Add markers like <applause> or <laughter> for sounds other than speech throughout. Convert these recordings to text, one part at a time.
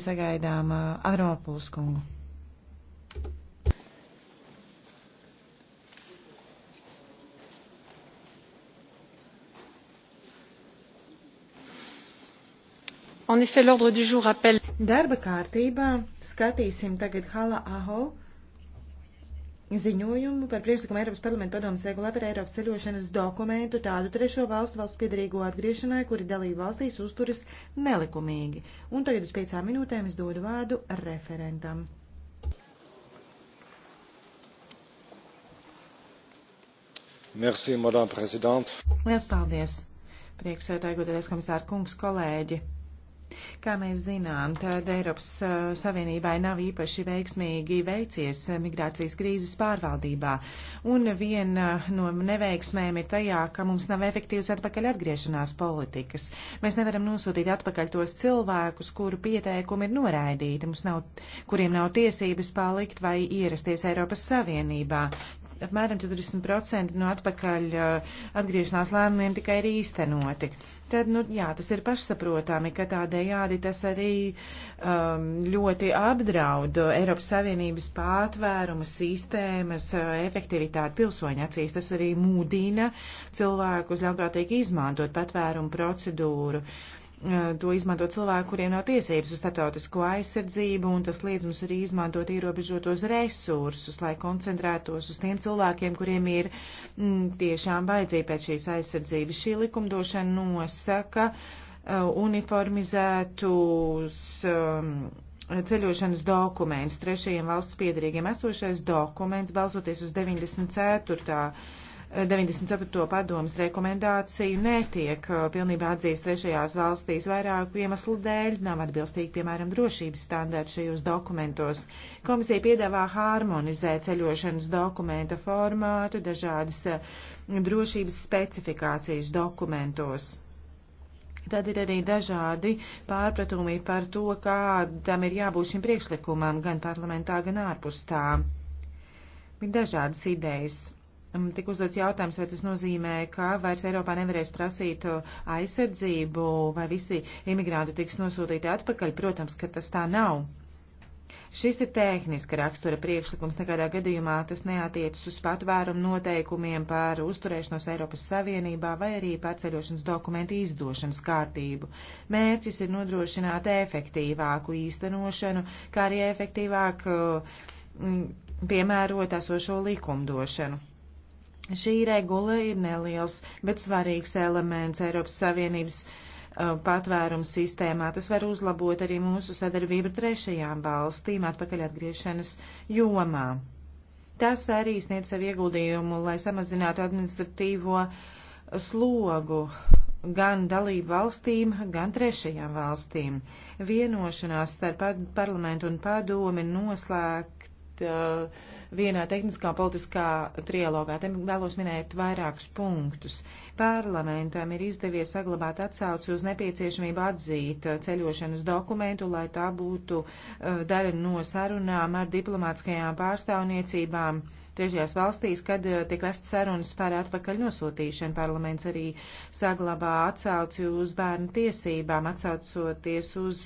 Sagaidām uh, Adrāpūs kungu. Darba kārtībā skatīsim tagad Hala Aho ziņojumu par priekšlikumu Eiropas parlamenta padomas regulā par Eiropas ceļošanas dokumentu tādu trešo valstu valsts piedarīgo atgriešanai, kuri dalību valstīs uzturas nelikumīgi. Un tagad uz piecām minūtēm es dodu vārdu referentam. Merci, madame prezident. Lielas paldies, priekšsētāji, godēties komisāra kungs, kolēģi. Kā mēs zinām, tad Eiropas uh, Savienībai nav īpaši veiksmīgi veicies migrācijas krīzes pārvaldībā. Un viena uh, no neveiksmēm ir tajā, ka mums nav efektīvas atpakaļ atgriešanās politikas. Mēs nevaram nosūtīt atpakaļ tos cilvēkus, kuru pieteikumi ir noraidīti, nav, kuriem nav tiesības palikt vai ierasties Eiropas Savienībā apmēram 40% no atpakaļ atgriešanās lēmumiem tikai ir īstenoti. Tad, nu, jā, tas ir pašsaprotami, ka tādējādi tas arī um, ļoti apdraud Eiropas Savienības pātvērumu sistēmas efektivitāti pilsoņu acīs. Tas arī mūdina cilvēkus ļaunprātīgi izmantot patvērumu procedūru. Uh, Eh, to izmanto cilvēki, kuriem nav tiesības uz starptautisko aizsardzību, un tas liedz mums arī izmantot ierobežotos resursus, lai koncentrētos uz tiem cilvēkiem, kuriem ir m, mm, tiešām vajadzība pēc šīs aizsardzības. Šī likumdošana nosaka uh, uniformizētus. Um, ceļošanas dokuments trešajiem valsts piedarīgiem esošais dokuments, balsoties uz 94. 94. padomas rekomendāciju netiek uh, pilnībā atzīst trešajās valstīs vairāku iemeslu dēļ, nav atbilstīgi, piemēram, drošības standārti šajos dokumentos. Komisija piedāvā harmonizēt ceļošanas dokumenta formātu dažādas uh, drošības specifikācijas dokumentos. Tad ir arī dažādi pārpratumi par to, kādam ir jābūt šim priekšlikumam gan parlamentā, gan ārpus tā. Ir dažādas idejas Tik uzdots jautājums, vai tas nozīmē, ka vairs Eiropā nevarēs prasīt uh, aizsardzību, vai visi imigranti tiks nosūtīti atpakaļ? Protams, ka tas tā nav. Šis ir tehniska rakstura priekšlikums, nekādā gadījumā tas neatiecas uz patvērumu noteikumiem par uzturēšanos Eiropas Savienībā vai arī pārceļošanas dokumentu izdošanas kārtību. Mērķis ir nodrošināt efektīvāku īstenošanu, kā arī efektīvāk uh, piemērot esošo likumdošanu. Šī regula ir neliels, bet svarīgs elements Eiropas Savienības uh, patvērums sistēmā. Tas var uzlabot arī mūsu sadarbību ar trešajām valstīm atpakaļ atgriešanas jomā. Tas arī sniedz savu ieguldījumu, lai samazinātu administratīvo slogu gan dalību valstīm, gan trešajām valstīm. Vienošanās starp parlamentu un padomi noslēgt iesaistīt uh, vienā tehniskā politiskā trialogā. Te vēlos minēt vairākus punktus. Parlamentam ir izdevies saglabāt atsauci uz nepieciešamību atzīt uh, ceļošanas dokumentu, lai tā būtu uh, daļa no sarunām ar diplomātskajām pārstāvniecībām. Uh, trešajās valstīs, kad eh, tiek vest sarunas par atpakaļ nosūtīšanu. Parlaments arī saglabā atsauci uz bērnu tiesībām, atsaucoties uz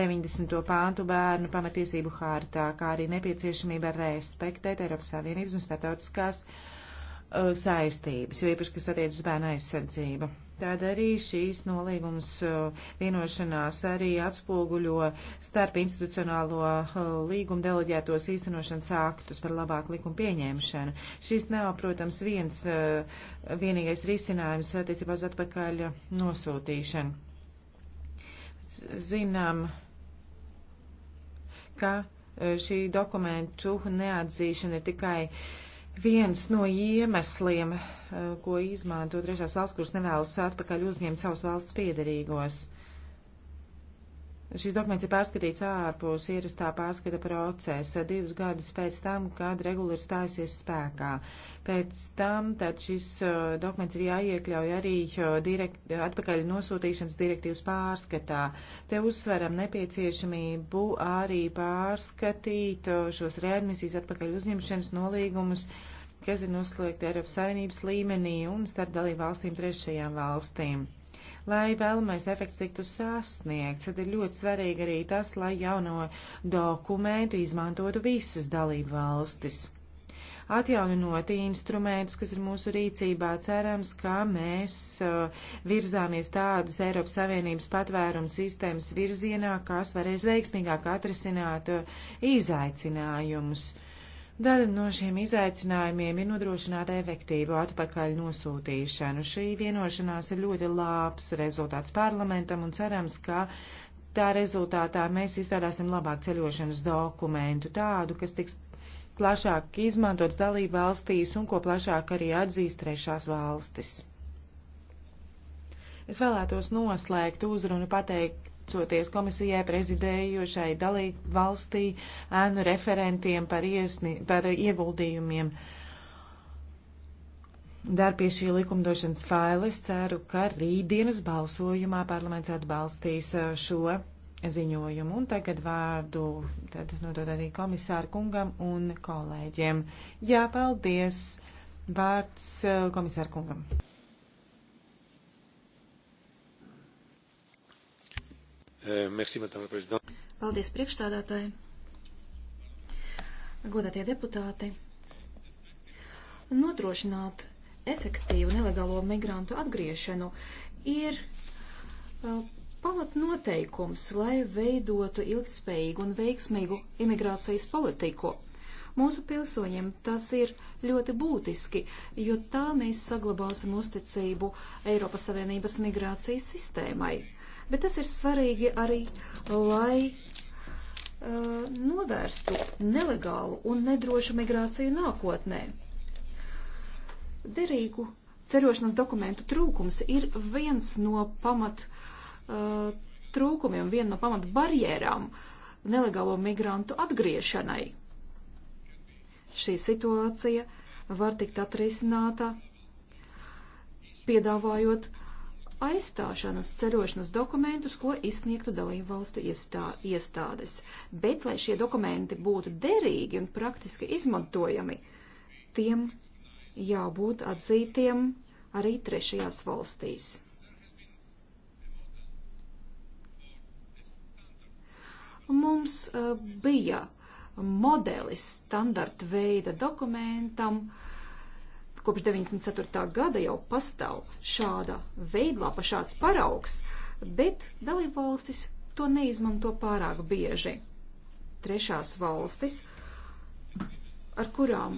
90. pāntu bērnu pamatiesību hārtā, kā arī nepieciešamība respektēt Eiropas Savienības un starptautiskās eh, saistības, jo īpaši, kas attiec uz bērnu aizsardzību. Tad arī šīs nolīgums uh, vienošanās arī atspoguļo starp institucionālo uh, līgumu deleģētos īstenošanas aktus par labāku likumu pieņemšanu. Šis nav, protams, viens uh, vienīgais risinājums attiecībā uz atpakaļ nosūtīšanu. Zinām, ka šī dokumentu neatzīšana ir tikai uh, Viens no iemesliem, eh, ko izmanto trešās valsts, kuras nevēlas atpakaļ uzņemt savus valsts piedarīgos, ir Šis dokuments ir pārskatīts ārpus ierastā pārskata procesa divus gadus pēc tam, kad regula ir stājusies spēkā. Pēc tam tad šis uh, dokuments ir jāiekļauj arī uh, direkt, atpakaļ nosūtīšanas direktīvas pārskatā. Te uzsveram nepieciešamību arī pārskatīt uh, šos readmisijas atpakaļ uzņemšanas nolīgumus kas ir noslēgti Eiropas Savienības līmenī un starp dalību valstīm trešajām valstīm lai vēlamais efekts tiktu sasniegts. Tad ir ļoti svarīgi arī tas, lai jauno dokumentu izmantotu visas dalību valstis. Atjauninot instrumentus, kas ir mūsu rīcībā, cerams, ka mēs uh, virzāmies tādas Eiropas Savienības patvērums sistēmas virzienā, kas varēs veiksmīgāk atrisināt uh, izaicinājumus Daļa no šiem izaicinājumiem ir nodrošināt efektīvu atpakaļ nosūtīšanu. Šī vienošanās ir ļoti labs rezultāts parlamentam un cerams, ka tā rezultātā mēs izstrādāsim labāk ceļošanas dokumentu, tādu, kas tiks plašāk izmantots dalību valstīs un ko plašāk arī atzīst trešās valstis. Es vēlētos noslēgt uzrunu pateikt, pateicoties komisijai, prezidējošai dalību valstī, ēnu referentiem par, iesni, par ieguldījumiem. Dar pie šī likumdošanas faila es ceru, ka rītdienas balsojumā parlaments atbalstīs šo ziņojumu. Un tagad vārdu tad nodod arī komisāru kungam un kolēģiem. Jā, paldies! Vārds komisāru kungam. Eh, merci, madame la prezidenta. Paldies priekšstādātāji. Godātie deputāti. Nodrošināt efektīvu nelegālo migrantu atgriešanu ir uh, pamatnoteikums, lai veidotu ilgspējīgu un veiksmīgu imigrācijas politiku. Mūsu pilsoņiem tas ir ļoti būtiski, jo tā mēs saglabāsim uzticību Eiropas Savienības migrācijas sistēmai. Bet tas ir svarīgi arī, lai uh, novērstu nelegālu un nedrošu migrāciju nākotnē. Derīgu ceļošanas dokumentu trūkums ir viens no pamat uh, trūkumiem, viena no pamat barjerām nelegālo migrantu atgriešanai. Šī situācija var tikt atrisināta, piedāvājot uh, aizstāšanas ceļošanas dokumentus, ko izsniegtu dalību valstu iestā, iestādes. Bet, lai šie dokumenti būtu derīgi un praktiski izmantojami, tiem jābūt atzītiem arī trešajās valstīs. Mums uh, bija modelis standarta veida dokumentam, uh, kopš 94. gada jau pastāv šāda veidlapa, šāds paraugs, bet dalībvalstis to neizmanto pārāk bieži. Trešās valstis, ar kurām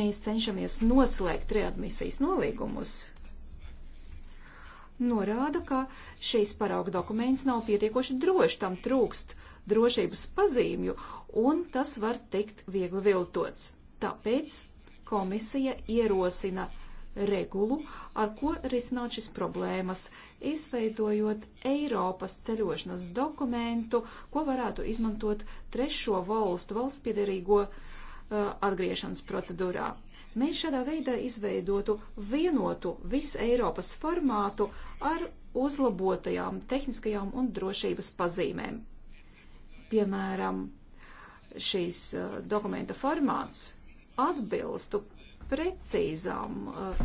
mēs cenšamies noslēgt readmisijas nolīgumus, norāda, ka šīs parauga dokuments nav pietiekoši drošs, tam trūkst drošības pazīmju, un tas var tikt viegli viltots. Tāpēc komisija ierosina regulu, ar ko risināt šis problēmas, izveidojot Eiropas ceļošanas dokumentu, ko varētu izmantot trešo valstu valsts piederīgo uh, atgriešanas procedūrā. Mēs šādā veidā izveidotu vienotu visu Eiropas formātu ar uzlabotajām tehniskajām un drošības pazīmēm. Piemēram, šīs uh, dokumenta formāts atbilstu precīzām uh,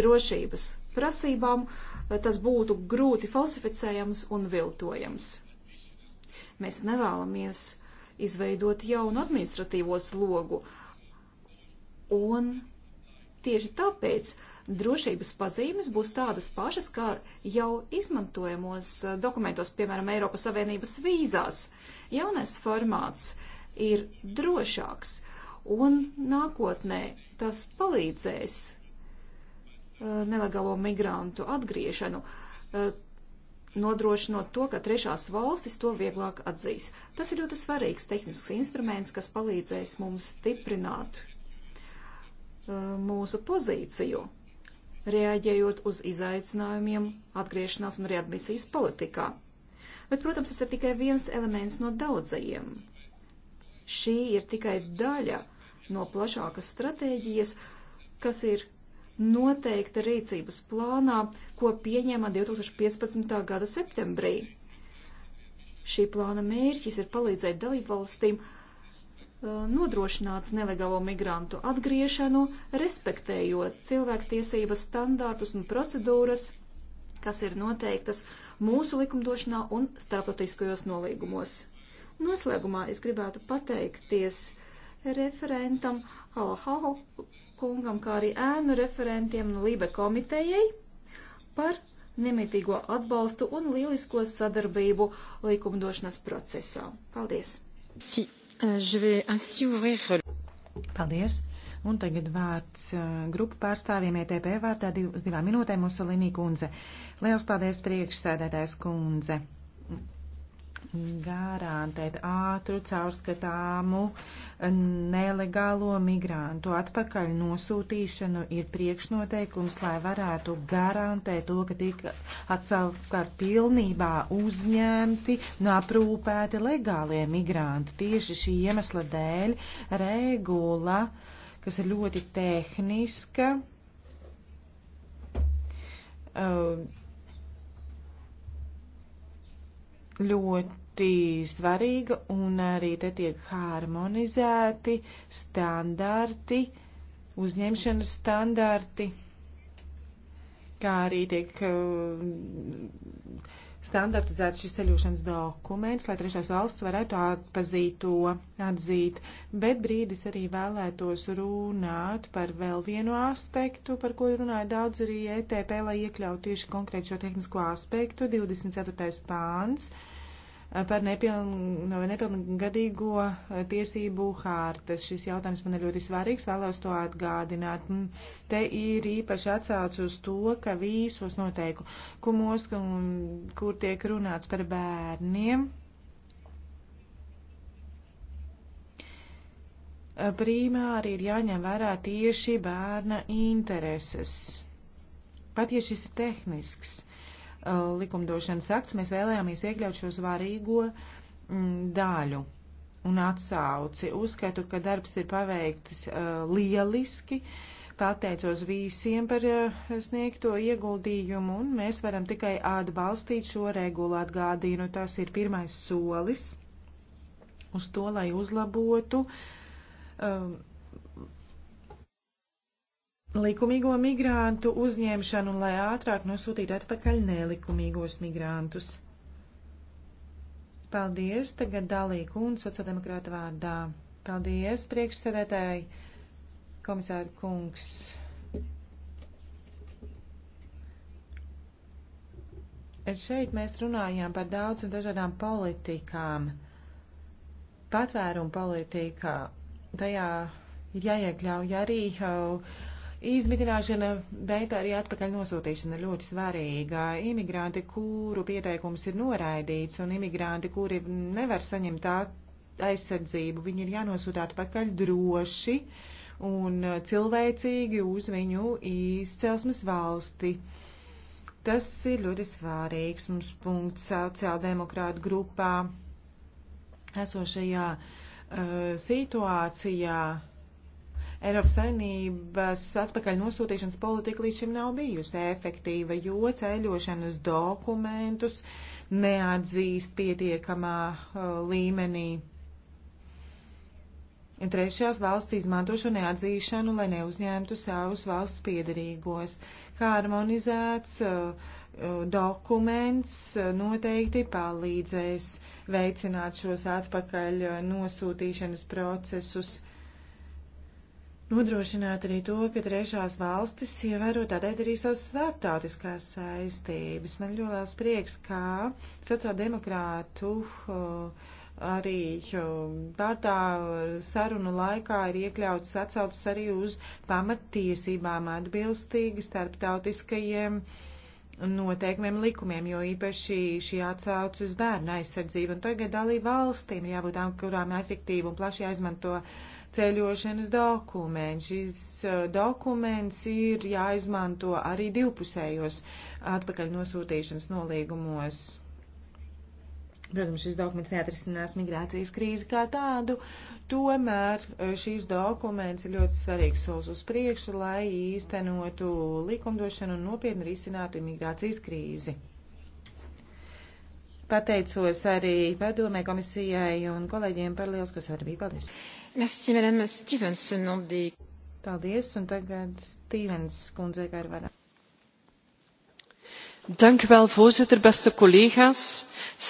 drošības prasībām, eh, tas būtu grūti falsificējams un viltojams. Mēs nevēlamies izveidot jaunu administratīvo slogu, un tieši tāpēc drošības pazīmes būs tādas pašas, kā jau izmantojamos eh, dokumentos, piemēram, Eiropas Savienības vīzās. Jaunais formāts ir drošāks, un nākotnē tas palīdzēs uh, nelegālo migrantu atgriešanu, uh, nodrošinot to, ka trešās valstis to vieglāk atzīs. Tas ir ļoti svarīgs tehnisks instruments, kas palīdzēs mums stiprināt uh, mūsu pozīciju, reaģējot uz izaicinājumiem atgriešanās un readmisijas politikā. Bet, protams, tas ir tikai viens elements no daudzajiem. Šī ir tikai daļa no plašākas stratēģijas, kas ir noteikta rīcības plānā, ko pieņēma 2015. gada septembrī. Šī plāna mērķis ir palīdzēt dalībvalstīm uh, nodrošināt nelegālo migrantu atgriešanu, respektējot cilvēktiesības standārtus un procedūras, kas ir noteiktas mūsu likumdošanā un starptautiskajos nolīgumos. Noslēgumā es gribētu pateikties referentam Alahaho kungam, kā arī ēnu referentiem no Lībe komitejai par nemitīgo atbalstu un lielisko sadarbību likumdošanas procesā. Paldies! Si, eh, Paldies! Un tagad vārds eh, grupu pārstāvjiem ETP vārdā div, uz divām minūtēm Musolīnī kundze. Liels paldies priekšsēdētājs kundze. Garantēt ātru, caurskatāmu uh, nelegālo migrantu atpakaļ nosūtīšanu ir priekšnoteikums, lai varētu garantēt to, ka tiek atsavukārt pilnībā uzņemti un aprūpēti legālie migranti. Tieši šī iemesla dēļ regula, kas ir ļoti tehniska, uh, ļoti ļoti svarīga un arī te tiek harmonizēti standarti, uzņemšanas standarti, kā arī tiek uh, standartizēts šis ceļošanas dokuments, lai trešās valsts varētu atpazīt to, atzīt. Bet brīdis arī vēlētos runāt par vēl vienu aspektu, par ko runāja daudz arī ETP, lai iekļautu tieši konkrēt šo tehnisko aspektu, 24. pāns. Eh, par nepiln, nepilngadīgo eh, tiesību hārtas. Šis jautājums man ir ļoti svarīgs, vēlos to atgādināt. Mm, te ir īpaši atsauc uz to, ka visos noteikumos, kur tiek runāts par bērniem, eh, primāri ir jāņem vērā tieši bērna intereses. Pat ja šis ir tehnisks Uh, likumdošanas akts, mēs vēlējāmies iekļaut šo svarīgo mm, daļu un atsauci. Uzskatu, ka darbs ir paveikts uh, lieliski. Pateicos visiem par uh, sniegto ieguldījumu, un mēs varam tikai atbalstīt šo regulu atgādīnu. Tas ir pirmais solis uz to, lai uzlabotu um, likumīgo migrantu uzņemšanu, lai ātrāk nosūtītu atpakaļ nelikumīgos migrantus. Paldies, tagad dalīja kundze sociāldemokrāta vārdā. Paldies, priekšsēdētāji, komisāra kungs. Šeit mēs runājām par daudz un dažādām politikām. Patvērumu politikā tajā ir jāiekļauj arī jau. Uh, Izmitināšana, bet arī atpakaļ nosūtīšana ir ļoti svarīga. Imigranti, kuru pieteikums ir noraidīts, un imigranti, kuri nevar saņemt aizsardzību, viņi ir jānosūtā atpakaļ droši un cilvēcīgi uz viņu izcelsmes valsti. Tas ir ļoti svārīgs mums punkts sociāldemokrāta grupā esošajā uh, situācijā. Eiropas saimnības atpakaļ nosūtīšanas politika līdz šim nav bijusi efektīva, jo ceļošanas dokumentus neatzīst pietiekamā uh, līmenī. Trešās valsts izmanto šo neatzīšanu, lai neuzņemtu savus valsts piedarīgos. Harmonizēts uh, uh dokuments uh, noteikti palīdzēs veicināt šos atpakaļ uh, nosūtīšanas procesus nodrošināt arī to, ka trešās valstis ievēro tādēļ arī savas starptautiskās saistības. Man ļoti liels prieks, kā sociāldemokrātu arī pārtā sarunu laikā ir iekļauts atsaucas arī uz pamattiesībām atbilstīgi starptautiskajiem noteikumiem, likumiem, jo īpaši šī atsauca uz bērnu aizsardzību. Un tagad dalību valstīm jābūt tām, kurām efektīvi un plaši jāizmanto uh, ceļošanas dokumentu. Šis uh, dokuments ir jāizmanto arī divpusējos atpakaļ nosūtīšanas nolīgumos. Protams, šis dokuments neatrisinās migrācijas krīzi kā tādu, tomēr uh, šīs dokuments ir ļoti svarīgs solis uz priekšu, lai īstenotu likumdošanu un nopietni risinātu migrācijas krīzi. Pateicos arī padomē komisijai un kolēģiem par lielisko sadarbību. Paldies! Merci, madame Stevens, nom de... Paldies, un tagad Stevens kundzei kā ir vairāk. Dank u wel, voorzitter, beste collega's.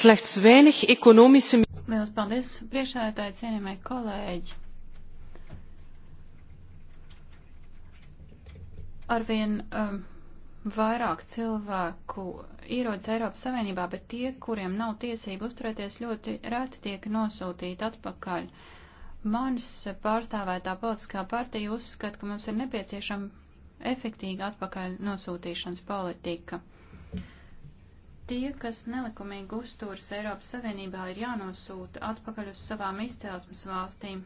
Slechts weinig economische. Liels paldies, priekšsēdētāji, cienījamie kolēģi. Arvien um, vairāk cilvēku ierodas Eiropas Savienībā, bet tie, kuriem nav tiesību uzturēties, ļoti reti tiek nosūtīti atpakaļ. Manis pārstāvētā politiskā partija uzskata, ka mums ir nepieciešama efektīga atpakaļ nosūtīšanas politika. Tie, kas nelikumīgi uzturas Eiropas Savienībā, ir jānosūta atpakaļ uz savām izcelsmes valstīm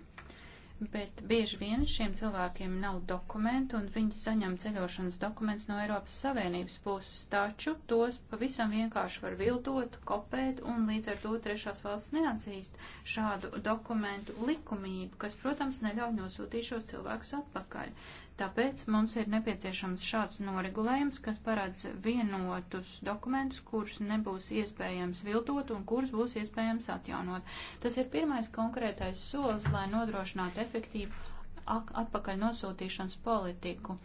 bet bieži vien šiem cilvēkiem nav dokumentu un viņi saņem ceļošanas dokumentus no Eiropas Savienības puses, taču tos pavisam vienkārši var viltot, kopēt un līdz ar to trešās valsts neatzīst šādu dokumentu likumību, kas, protams, neļauj nosūtīt šos cilvēkus atpakaļ. Tāpēc mums ir nepieciešams šāds noregulējums, kas parāds vienotus dokumentus, kurus nebūs iespējams viltot un kurus būs iespējams atjaunot. Tas ir pirmais konkrētais solis, lai nodrošinātu efektīvu atpakaļ nosūtīšanas politiku.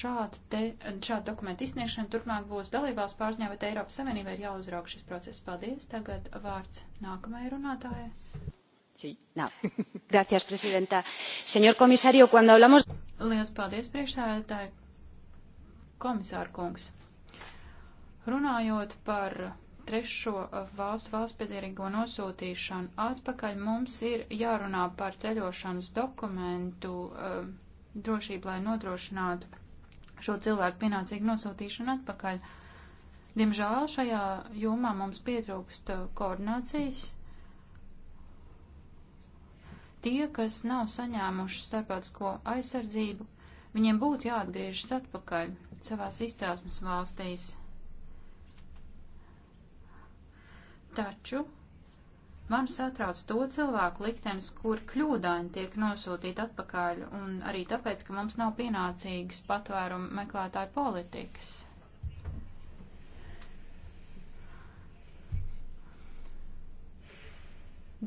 Šāda, te, šāda dokumenta izsniegšana turpmāk būs dalībās pārziņā, bet Eiropas Savienībai ir jāuzrauk šis process. Paldies. Tagad vārds nākamajai runātājai. Gracias, prezidenta. Senor komisārio, cuando hablamos. Lielas paldies, priekšsēdētāji. Komisāra kungs. Runājot par trešo valstu valstspiedierīgo nosūtīšanu atpakaļ, mums ir jārunā par ceļošanas dokumentu um, drošību, lai nodrošinātu šo cilvēku pienācīgu nosūtīšanu atpakaļ. Diemžēl šajā jomā mums pietrūkst uh, koordinācijas tie, kas nav saņēmuši starptautisko aizsardzību, viņiem būtu jāatgriežas atpakaļ savās izcelsmes valstīs. Taču man satrauc to cilvēku liktenis, kur kļūdaini tiek nosūtīti atpakaļ, un arī tāpēc, ka mums nav pienācīgas patvērumu meklētāju politikas.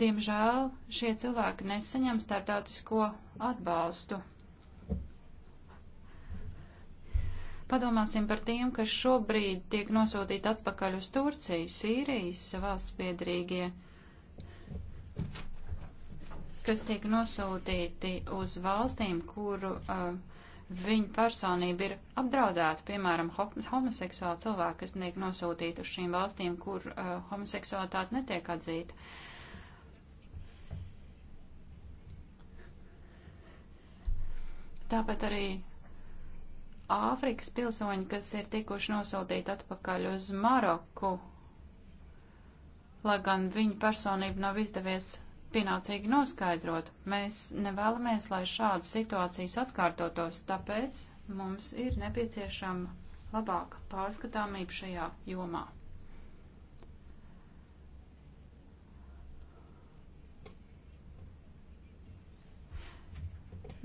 Diemžēl šie cilvēki nesaņem starptautisko atbalstu. Padomāsim par tiem, kas šobrīd tiek nosūtīti atpakaļ uz Turciju, Sīrijas valsts piedrīgie, kas tiek nosūtīti uz valstīm, kuru uh, viņa personība ir apdraudēta, piemēram, homoseksuāli cilvēki, kas tiek nosūtīti uz šīm valstīm, kur uh, homoseksualitāte netiek atzīta. Uh, Tāpat arī Āfrikas pilsoņi, kas ir tikuši nosūtīti atpakaļ uz Maroku, lai gan viņu personību nav izdevies pienācīgi noskaidrot, mēs nevēlamies, lai šādas situācijas atkārtotos, tāpēc mums ir nepieciešama labāka pārskatāmība šajā jomā.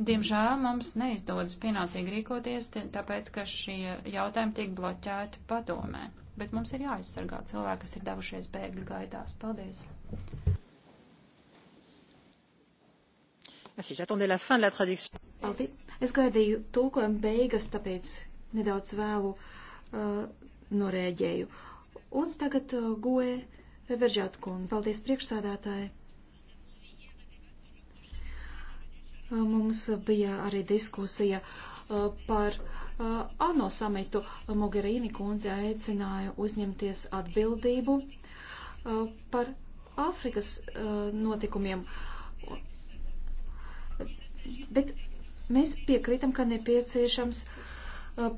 Diemžēl mums neizdodas pienācīgi rīkoties, tāpēc, ka šie jautājumi tiek bloķēti padomē. Bet mums ir jāaizsargā cilvēki, kas ir devušies bēgļu gaitās. Paldies! Ah, Paldies! Es gaidīju tulkojumu beigas, tāpēc nedaudz vēlu uh, norēģēju. Un tagad uh, goja Veržāt kundze. Paldies priekšstādātāji! Mums bija arī diskusija par ANO samitu. Mogherini kundze aicināja uzņemties atbildību par Āfrikas notikumiem. Bet mēs piekrītam, ka nepieciešams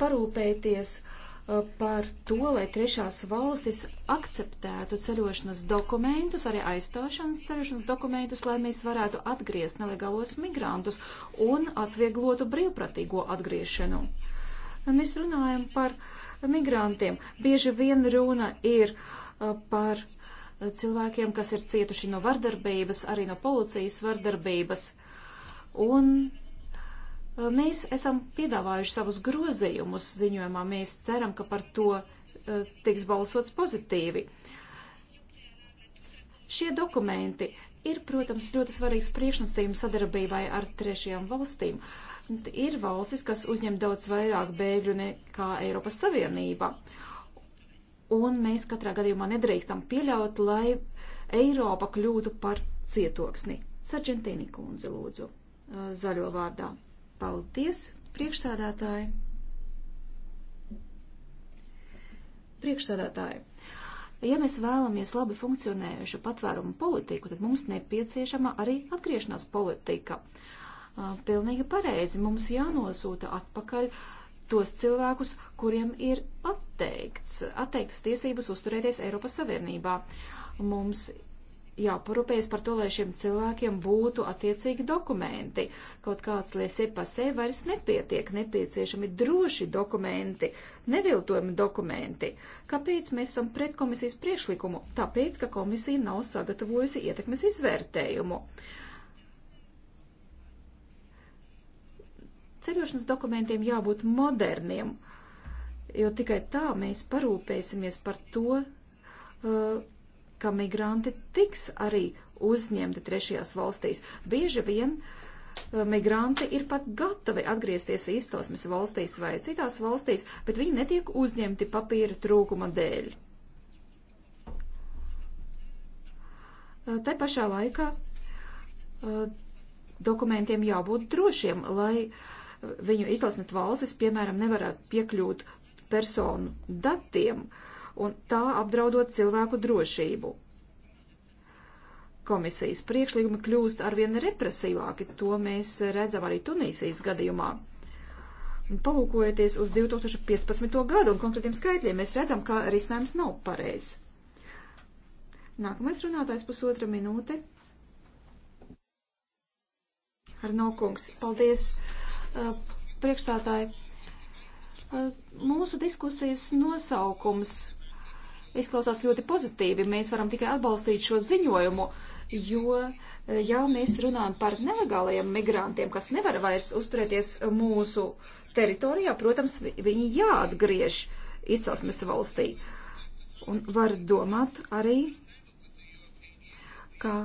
parūpēties uh, Uh, par to, lai trešās valstis akceptētu ceļošanas dokumentus, arī aizstāšanas ceļošanas dokumentus, lai mēs varētu atgriezt nelegālos migrantus un atvieglotu brīvprātīgo atgriešanu. Mēs runājam par migrantiem. Bieži vien runa ir uh, par cilvēkiem, kas ir cietuši no vardarbības, arī no policijas vardarbības. Un Uh, mēs esam piedāvājuši savus grozījumus ziņojumā. Mēs ceram, ka par to uh, tiks balsots pozitīvi. Šie dokumenti ir, protams, ļoti svarīgs priekšnosacījums sadarbībai ar trešajām valstīm. Ir valstis, kas uzņem daudz vairāk bēgļu nekā Eiropas Savienība. Un mēs katrā gadījumā nedrīkstam pieļaut, lai Eiropa kļūtu par cietoksni. Sargentīni kundze lūdzu uh, zaļo vārdā. Paldies, priekšsādātāji! Priekšsādātāji! Ja mēs vēlamies labi funkcionējušu patvērumu politiku, tad mums nepieciešama arī atgriešanās politika. Uh, pilnīgi pareizi mums jānosūta atpakaļ tos cilvēkus, kuriem ir atteikts, atteiktas tiesības uzturēties Eiropas Savienībā. Mums jāparūpējas par to, lai šiem cilvēkiem būtu attiecīgi dokumenti. Kaut kāds liesē pasē vairs nepietiek, nepieciešami droši dokumenti, neviltojami dokumenti. Kāpēc mēs esam pret komisijas priekšlikumu? Tāpēc, ka komisija nav sagatavojusi ietekmes izvērtējumu. Ceļošanas dokumentiem jābūt moderniem, jo tikai tā mēs parūpēsimies par to, uh, ka migranti tiks arī uzņemti trešajās valstīs. Bieži vien e, migranti ir pat gatavi atgriezties izcelsmes valstīs vai citās valstīs, bet viņi netiek uzņemti papīra trūkuma dēļ. E, te pašā laikā e, dokumentiem jābūt drošiem, lai viņu izcelsmes valstis, piemēram, nevarētu piekļūt personu datiem. Uh, un tā apdraudot cilvēku drošību. Komisijas priekšlikumi kļūst arvien represīvāki, to mēs redzam arī Tunīsijas gadījumā. Palūkojoties uz 2015. gadu un konkrētiem skaitļiem, mēs redzam, ka risinājums nav pareizs. Nākamais runātājs pusotra minūte. Arno kungs, paldies uh, priekšstādāji. Uh, mūsu diskusijas nosaukums izklausās ļoti pozitīvi. Mēs varam tikai atbalstīt šo ziņojumu, jo, eh, ja mēs runājam par nelegālajiem migrantiem, kas nevar vairs uzturēties mūsu teritorijā, protams, viņi jāatgriež izcelsmes valstī. Un var domāt arī, ka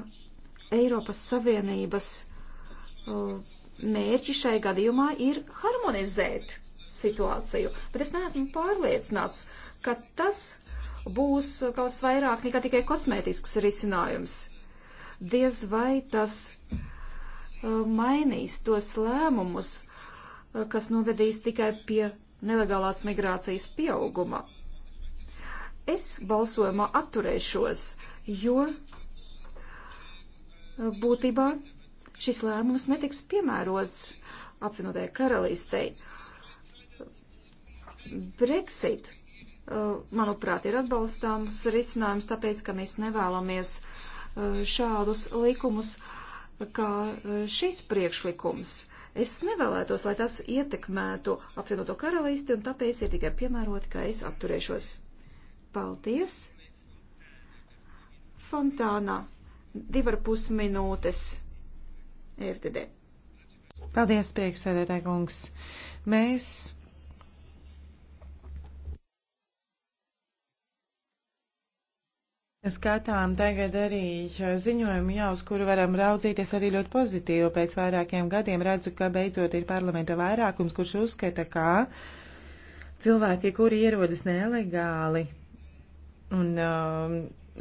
Eiropas Savienības eh, mērķi šai gadījumā ir harmonizēt situāciju, bet es neesmu pārliecināts, ka tas būs kaut kas vairāk nekā tikai kosmētisks risinājums. Diez vai tas uh, mainīs tos lēmumus, uh, kas novedīs tikai pie nelegālās migrācijas pieauguma. Es balsojumā atturēšos, jo uh, būtībā šis lēmums netiks piemērots apvienotajai karalistei. Brexit Eh, manuprāt, ir atbalstāms risinājums, tāpēc, ka mēs nevēlamies eh, šādus likumus kā eh, šis priekšlikums. Es nevēlētos, lai tas ietekmētu apvienoto karalisti, un tāpēc ir tikai piemēroti, ka es atturēšos. Paldies! Fontāna, divar pus minūtes. FTD. Paldies, priekšsēdētāj kungs. Mēs Skatām tagad arī ziņojumu jau, uz kuru varam raudzīties arī ļoti pozitīvi. Pēc vairākiem gadiem redzu, ka beidzot ir parlamenta vairākums, kurš uzskata, ka cilvēki, kuri ierodas nelegāli un um,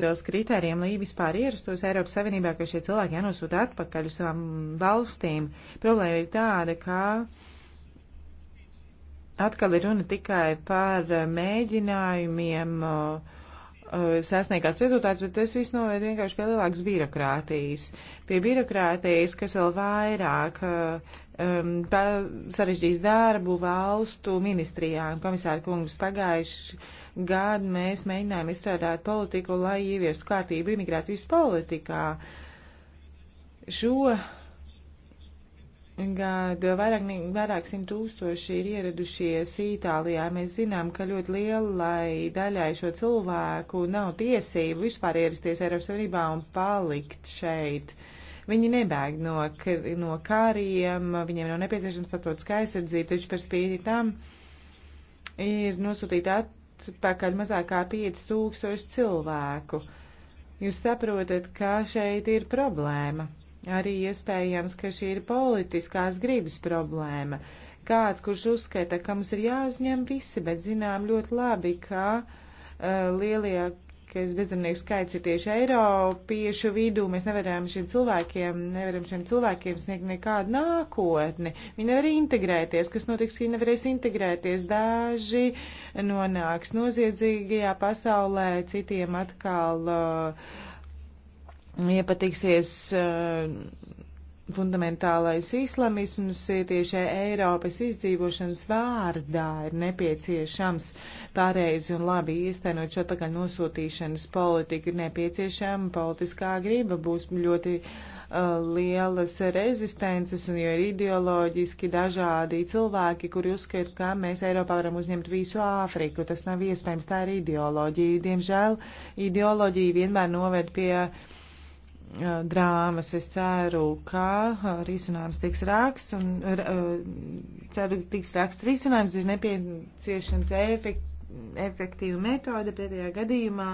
vēl kritērijiem, lai vispār ierastos Eiropas Savienībā, ka šie cilvēki jānosūta atpakaļ uz savām valstīm. Problēma ir tāda, ka. Atkal ir runa tikai par mēģinājumiem uh, Uh, sasniegt kāds rezultāts, bet tas viss noved vienkārši pie lielākas birokrātijas. Pie birokrātijas, kas vēl vairāk uh, um, sarežģīs darbu valstu ministrijām. Komisāra kungs pagājuši gadu mēs mēģinājām izstrādāt politiku, lai ieviestu kārtību imigrācijas politikā. Šo Gad vairāk, vairāk simt tūkstoši ir ieradušies Itālijā. Mēs zinām, ka ļoti lielai daļai šo cilvēku nav tiesību vispār ierasties Eiropas Savienībā un palikt šeit. Viņi nebēg no, no kāriem, viņiem nav nepieciešams starptautiskā aizsardzība, taču par spīti tam ir nosūtīta atpakaļ mazāk kā 5000 cilvēku. Jūs saprotat, ka šeit ir problēma Arī iespējams, ka šī ir politiskās gribas problēma. Kāds, kurš uzskata, ka mums ir jāuzņem visi, bet zinām ļoti labi, ka uh, lielākais bezdarbnieku skaits ir tieši Eiropiešu vidū. Mēs nevaram šiem cilvēkiem, nevaram šiem cilvēkiem sniegt nekādu nākotni. Viņi nevar integrēties. Kas notiks, viņi nevarēs integrēties. Daži nonāks noziedzīgajā pasaulē, citiem atkal. Uh, iepatiksies eh, fundamentālais islamisms tieši Eiropas izdzīvošanas vārdā ir nepieciešams pareizi un labi īstenot šo pakaļ nosūtīšanas politiku, ir nepieciešama politiskā griba, būs ļoti uh, lielas rezistences, un jo ir ideoloģiski dažādi cilvēki, kuri uzskata, ka mēs Eiropā varam uzņemt visu Āfriku. Tas nav iespējams, tā ir ideoloģija. Diemžēl ideoloģija vienmēr noved pie uh, drāmas. Es ceru, ka risinājums tiks raksts un ceru, ka tiks raksts risinājums, ir nepieciešams efekt, efektīva metode pretējā gadījumā.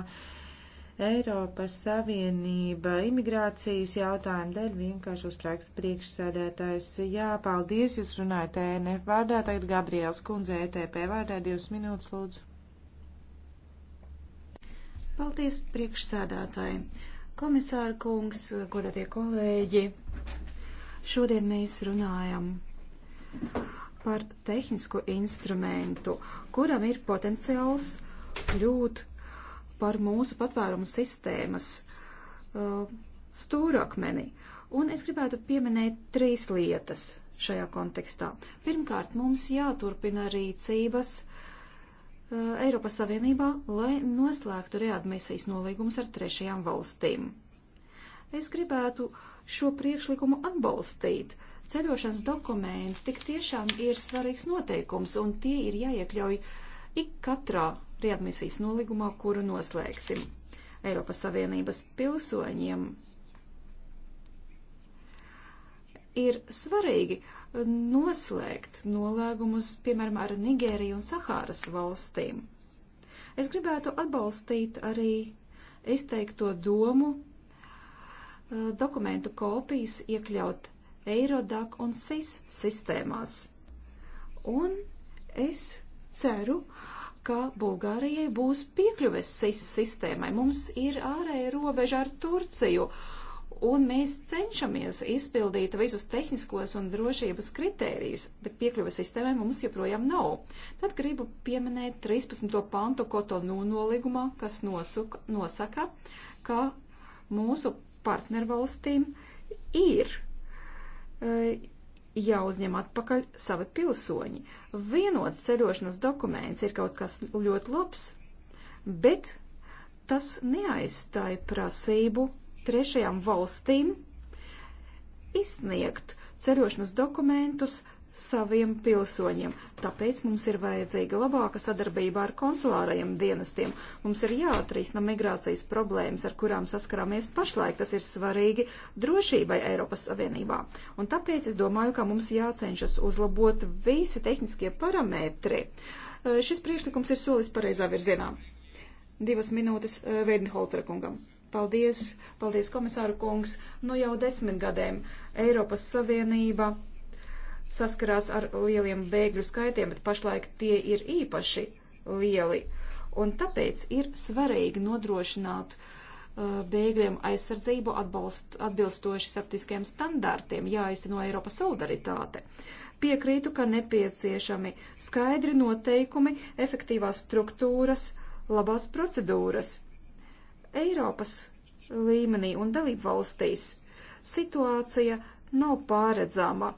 Eiropas Savienība imigrācijas jautājumu dēļ vienkārši uzprāks priekšsēdētājs. Jā, paldies, jūs runājat ENF vārdā, tagad Gabriels kundze ETP vārdā, divas minūtes lūdzu. Paldies, priekšsēdētāji. Komisāra kungs, godātie kolēģi, šodien mēs runājam par tehnisku instrumentu, kuram ir potenciāls kļūt par mūsu patvērumu sistēmas uh, stūrakmeni. Un es gribētu pieminēt trīs lietas šajā kontekstā. Pirmkārt, mums jāturpina rīcības uh, Eh, Eiropas Savienībā, lai noslēgtu readmisijas nolīgumus ar trešajām valstīm. Es gribētu šo priekšlikumu atbalstīt. Ceļošanas dokumenti tik tiešām ir svarīgs noteikums, un tie ir jāiekļauj ik katrā readmisijas nolīgumā, kuru noslēgsim Eiropas Savienības pilsoņiem. Ir svarīgi, uh, noslēgt nolēgumus, piemēram, ar Nigēriju un Sahāras valstīm. Es gribētu atbalstīt arī izteikto domu eh, dokumentu kopijas iekļaut Eirodak un SIS sistēmās. Un es ceru, ka Bulgārijai būs piekļuves SIS sistēmai. Mums ir ārēja robeža ar Turciju. Uh, un mēs cenšamies izpildīt visus tehniskos un drošības kritērijus, bet piekļuva sistēmai mums joprojām nav. Tad gribu pieminēt 13. pantu Kotonu nolīgumā, kas nosuka, nosaka, ka mūsu partnervalstīm ir e, jāuzņem atpakaļ savi pilsoņi. Vienots ceļošanas dokuments ir kaut kas ļoti labs, bet tas neaizstāja prasību trešajām valstīm izsniegt ceļošanas dokumentus saviem pilsoņiem. Tāpēc mums ir vajadzīga labāka sadarbība ar konsulārajiem dienestiem. Mums ir jāatrisina migrācijas problēmas, ar kurām saskarāmies pašlaik. Tas ir svarīgi drošībai Eiropas Savienībā. Un tāpēc es domāju, ka mums jācenšas uzlabot visi tehniskie parametri. Šis priekšlikums ir solis pareizā virzienā. Divas minūtes Veidenholtera eh, kungam. Paldies, paldies komisāru kungs. Nu jau desmit gadiem Eiropas Savienība saskarās ar lieliem bēgļu skaitiem, bet pašlaik tie ir īpaši lieli. Un tāpēc ir svarīgi nodrošināt uh, bēgļiem aizsardzību atbalst, atbilstoši starptiskiem standārtiem, jāizteno Eiropas solidaritāte. Piekrītu, ka nepieciešami skaidri noteikumi, efektīvās struktūras, labās procedūras Eiropas līmenī un dalību valstīs situācija nav pāredzama,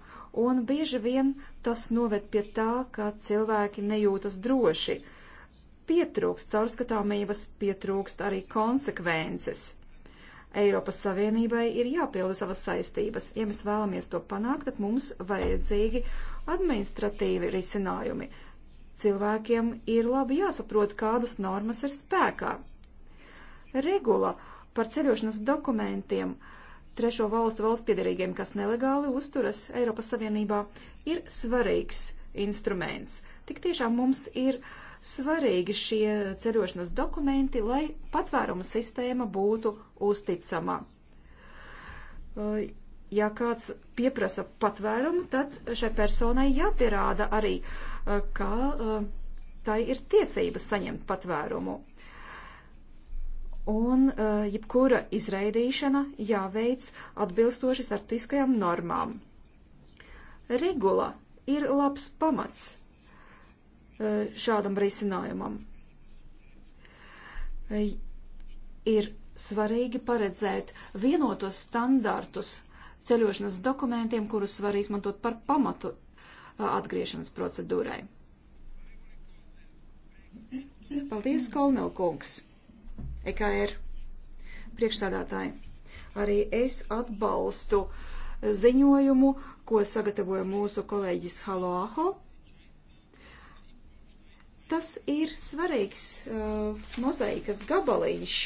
un bieži vien tas noved pie tā, ka cilvēki nejūtas droši. Pietrūkst caurskatāmības, pietrūkst arī konsekvences. Eiropas Savienībai ir jāpilda savas saistības. Ja mēs vēlamies to panākt, tad mums vajadzīgi administratīvi risinājumi. Cilvēkiem ir labi jāsaprot, kādas normas ir spēkā regula par ceļošanas dokumentiem trešo valstu valsts piedarīgiem, kas nelegāli uzturas Eiropas Savienībā, ir svarīgs instruments. Tik tiešām mums ir svarīgi šie ceļošanas dokumenti, lai patvērumu sistēma būtu uzticama. Uh, ja kāds pieprasa patvērumu, tad šai personai jāpierāda arī, uh, ka uh, tai ir tiesības saņemt patvērumu un eh, jebkura izraidīšana jāveic atbilstoši starptiskajām normām. Regula ir labs pamats eh, šādam risinājumam. Eh, ir svarīgi paredzēt vienotos standartus ceļošanas dokumentiem, kurus var izmantot par pamatu atgriešanas procedūrai. Paldies, Kolnel kungs! EKR priekšsādātāji. Arī es atbalstu ziņojumu, ko sagatavoja mūsu kolēģis Haloaho. Tas ir svarīgs uh, mozaikas gabalīņš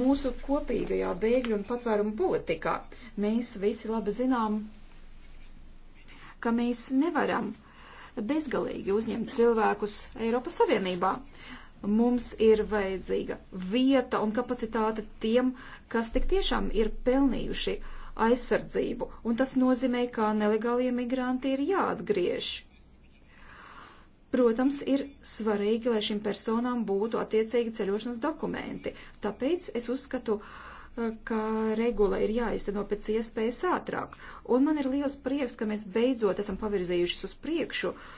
mūsu kopīgajā bēgļu un patvērumu politikā. Mēs visi labi zinām, ka mēs nevaram bezgalīgi uzņemt cilvēkus Eiropas Savienībā. Uh, mums ir vajadzīga vieta un kapacitāte tiem, kas tik tiešām ir pelnījuši aizsardzību, un tas nozīmē, ka nelegālie migranti ir jāatgriež. Protams, ir svarīgi, lai šīm personām būtu attiecīgi ceļošanas dokumenti, tāpēc es uzskatu, eh, ka regula ir jāizteno pēc iespējas ātrāk, un man ir liels prieks, ka mēs beidzot esam pavirzījušies uz priekšu uh,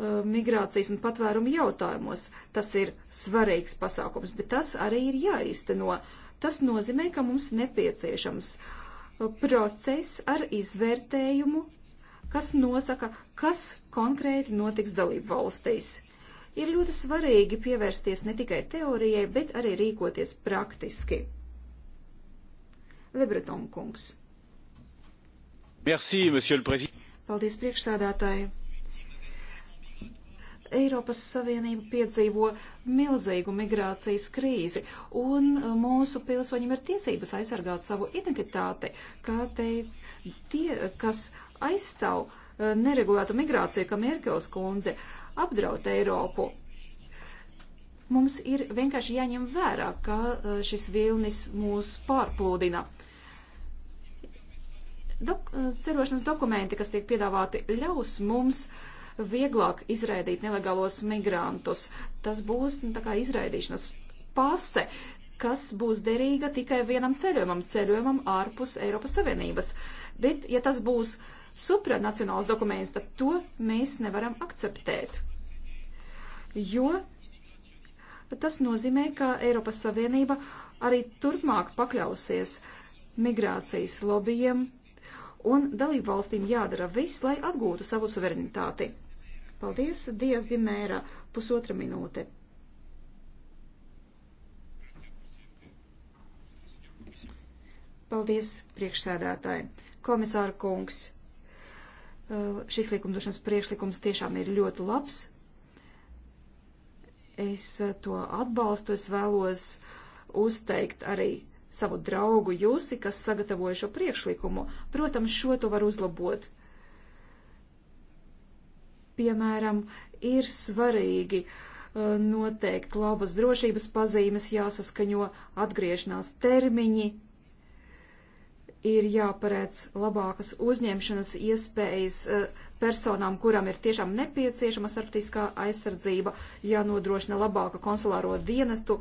Uh, migrācijas un patvērumu jautājumos. Tas ir svarīgs pasākums, bet tas arī ir jāizteno. Tas nozīmē, ka mums nepieciešams uh, process ar izvērtējumu, kas nosaka, kas konkrēti notiks dalību valstīs. Ir ļoti svarīgi pievērsties ne tikai teorijai, bet arī rīkoties praktiski. Lebreton kungs. Merci, Paldies priekšsādātāji. Eiropas Savienība piedzīvo milzīgu migrācijas krīzi, un uh, mūsu pilsoņiem ir tiesības aizsargāt savu identitāti, kā te tie, kas aizstāv uh, neregulētu migrāciju, ka Merkels kundze apdraud Eiropu. Mums ir vienkārši jāņem vērā, ka uh, šis vilnis mūs pārplūdina. Dok cerošanas dokumenti, kas tiek piedāvāti, ļaus mums uh, vieglāk izraidīt nelegālos migrantus. Tas būs nu, tā kā izraidīšanas pase, kas būs derīga tikai vienam ceļojumam, ceļojumam ārpus Eiropas Savienības. Bet, ja tas būs supranacionāls dokuments, tad to mēs nevaram akceptēt. Jo tas nozīmē, ka Eiropas Savienība arī turpmāk pakļausies migrācijas lobbyiem, un dalību valstīm jādara viss, lai atgūtu savu suverenitāti. Paldies, Dievs Dimēra, pusotra minūte. Paldies, priekšsēdētāji. Komisāra kungs, uh, šis likumdošanas priekšlikums tiešām ir ļoti labs. Es uh, to atbalstu, es vēlos uzteikt arī savu draugu Jūsi, kas sagatavoja šo priekšlikumu. Protams, šo to var uzlabot Piemēram, ir svarīgi uh, noteikt labas drošības pazīmes, jāsaskaņo atgriešanās termiņi, ir jāparēc labākas uzņemšanas iespējas uh, personām, kurām ir tiešām nepieciešama starptiskā aizsardzība, jānodrošina labāka konsulāro dienestu